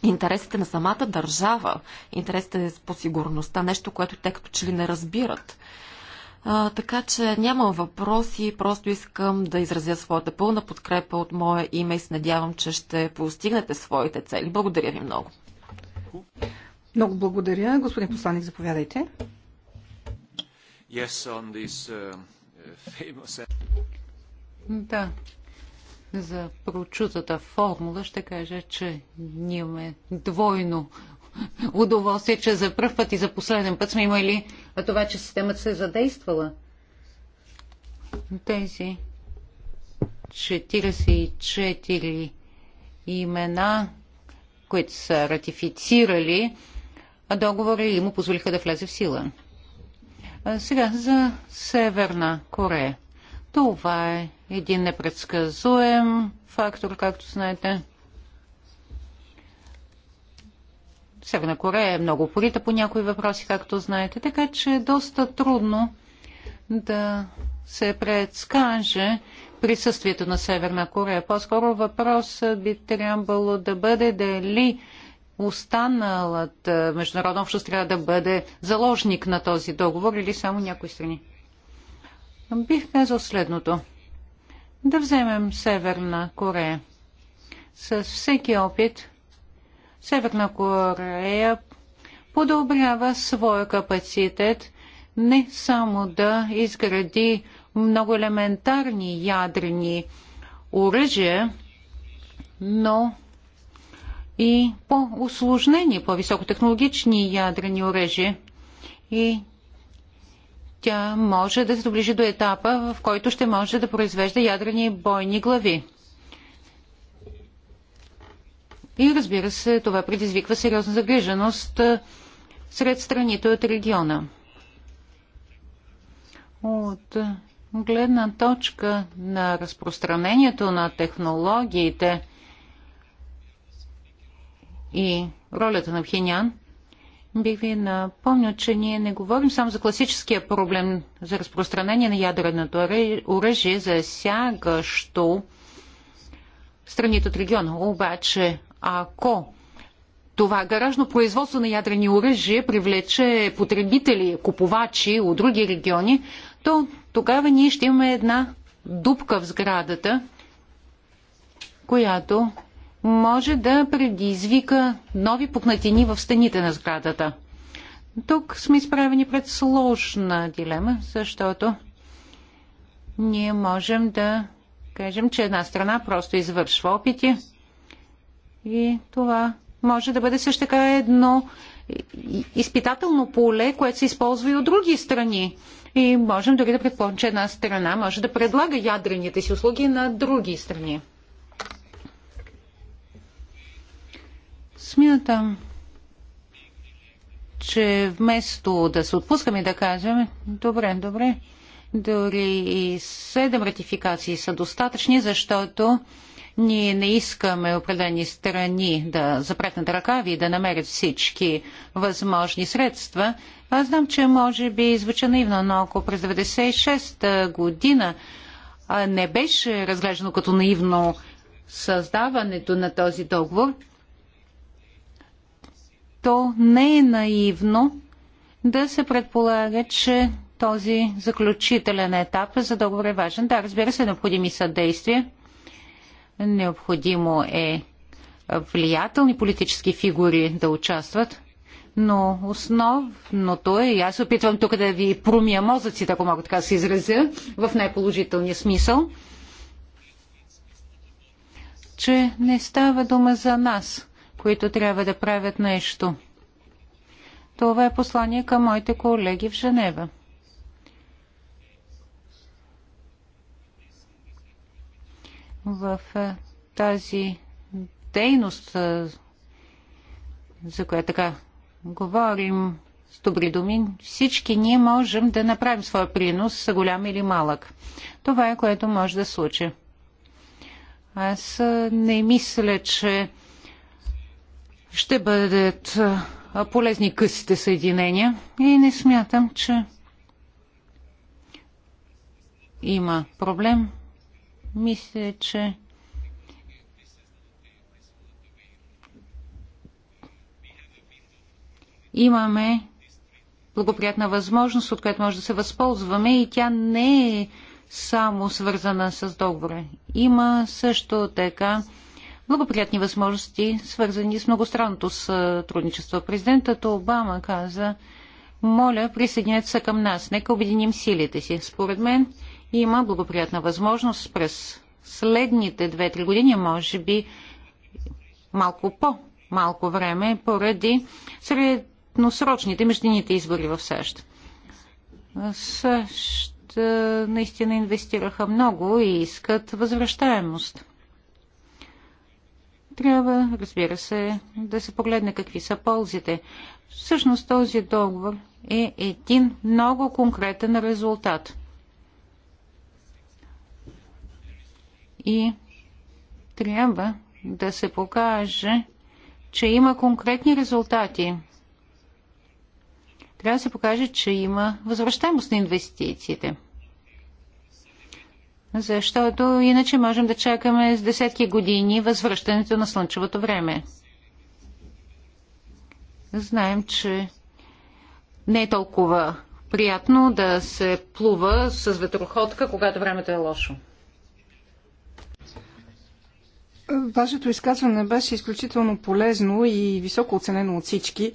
интересите на самата държава, интересите по сигурността, нещо, което те като че ли не разбират. А, така че нямам въпроси, просто искам да изразя своята пълна подкрепа от мое име и се надявам, че ще постигнете своите цели. Благодаря ви много. Много благодаря. Господин посланник, заповядайте. Yes, on this, uh, famous... Да, за прочутата формула, ще кажа, че ние имаме двойно удоволствие, че за първ път и за последен път сме имали това, че системата се е задействала. Тези 44 имена, които са ратифицирали договора и му позволиха да влезе в сила. Сега за Северна Корея. Това е един непредсказуем фактор, както знаете. Северна Корея е много порита по някои въпроси, както знаете, така че е доста трудно да се предскаже присъствието на Северна Корея. По-скоро въпросът би трябвало да бъде дали останалата международна общност трябва да бъде заложник на този договор или само някои страни. Бих казал следното. Да вземем Северна Корея. С всеки опит Северна Корея подобрява своя капацитет не само да изгради много елементарни ядрени оръжия, но и по-усложнени, по-високотехнологични ядрени оръжия. И тя може да се доближи до етапа, в който ще може да произвежда ядрени бойни глави. И разбира се, това предизвиква сериозна загриженост сред страните от региона. От гледна точка на разпространението на технологиите и ролята на Пхинян – бих ви напомнил, че ние не говорим само за класическия проблем за разпространение на ядреното оръжие, засягащо страните от региона. Обаче, ако това гаражно производство на ядрени оръжия привлече потребители, купувачи от други региони, то тогава ние ще имаме една дупка в сградата, която може да предизвика нови пукнатини в стените на сградата. Тук сме изправени пред сложна дилема, защото ние можем да кажем, че една страна просто извършва опити и това може да бъде също така едно изпитателно поле, което се използва и от други страни. И можем дори да предположим, че една страна може да предлага ядрените си услуги на други страни. Смятам, че вместо да се отпускаме да кажем, добре, добре, дори и седем ратификации са достатъчни, защото ние не искаме определени страни да запретнат ръкави и да намерят всички възможни средства. Аз знам, че може би звуча наивно, но ако през 96 година не беше разглеждано като наивно създаването на този договор, то не е наивно да се предполага, че този заключителен етап е за договор е важен. Да, разбира се, необходими са действия. Необходимо е влиятелни политически фигури да участват. Но основното е, и аз опитвам тук да ви промия мозъците, ако мога така да се изразя, в най-положителния смисъл, че не става дума за нас които трябва да правят нещо. Това е послание към моите колеги в Женева. В тази дейност, за която така говорим с добри думи, всички ние можем да направим своя принос, голям или малък. Това е което може да случи. Аз не мисля, че ще бъдат полезни късите съединения и не смятам, че има проблем. Мисля, че имаме благоприятна възможност, от която може да се възползваме и тя не е само свързана с договора. Има също така благоприятни възможности, свързани с многостранното сътрудничество. Президентът Обама каза, моля, присъединете се към нас, нека обединим силите си. Според мен има благоприятна възможност през следните 2-3 години, може би малко по-малко време, поради средносрочните междинните избори в САЩ. САЩ наистина инвестираха много и искат възвръщаемост трябва, разбира се, да се погледне какви са ползите. Всъщност този договор е един много конкретен резултат. И трябва да се покаже, че има конкретни резултати. Трябва да се покаже, че има възвръщаемост на инвестициите защото иначе можем да чакаме с десетки години възвръщането на слънчевото време. Знаем, че не е толкова приятно да се плува с ветроходка, когато времето е лошо. Вашето изказване беше изключително полезно и високо оценено от всички.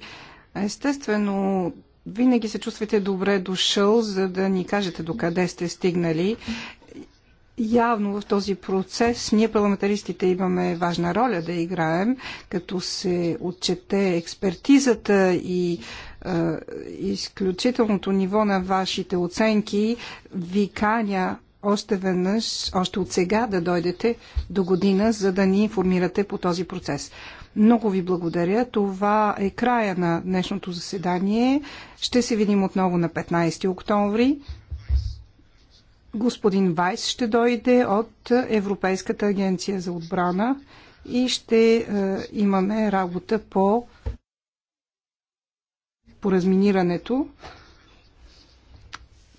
Естествено, винаги се чувствате добре дошъл, за да ни кажете докъде сте стигнали Явно в този процес ние парламентаристите имаме важна роля да играем, като се отчете експертизата и е, изключителното ниво на вашите оценки, ви каня още веднъж, още от сега да дойдете до година, за да ни информирате по този процес. Много ви благодаря. Това е края на днешното заседание. Ще се видим отново на 15 октомври. Господин Вайс ще дойде от Европейската агенция за отбрана и ще е, имаме работа по, по разминирането.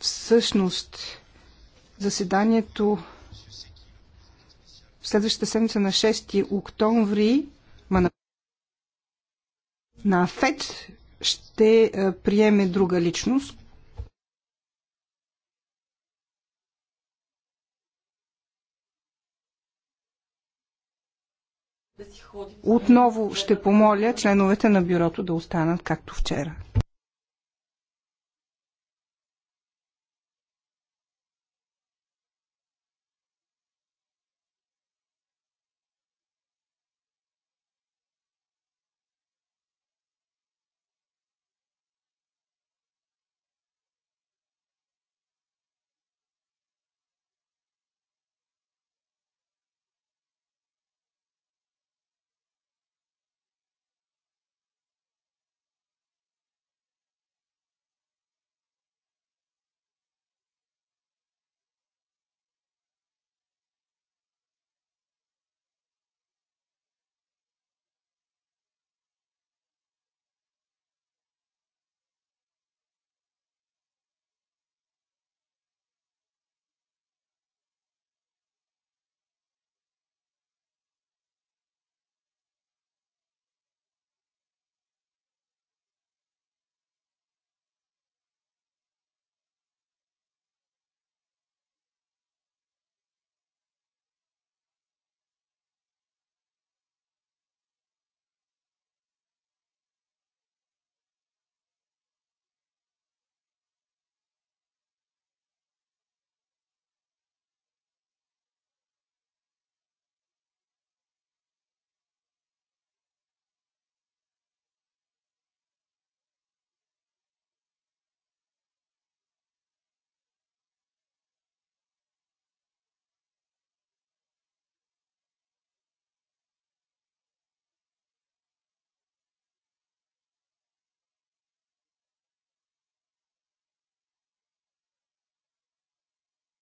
Всъщност, заседанието в следващата седмица на 6 октомври на ФЕД ще е, приеме друга личност, Отново ще помоля членовете на бюрото да останат както вчера.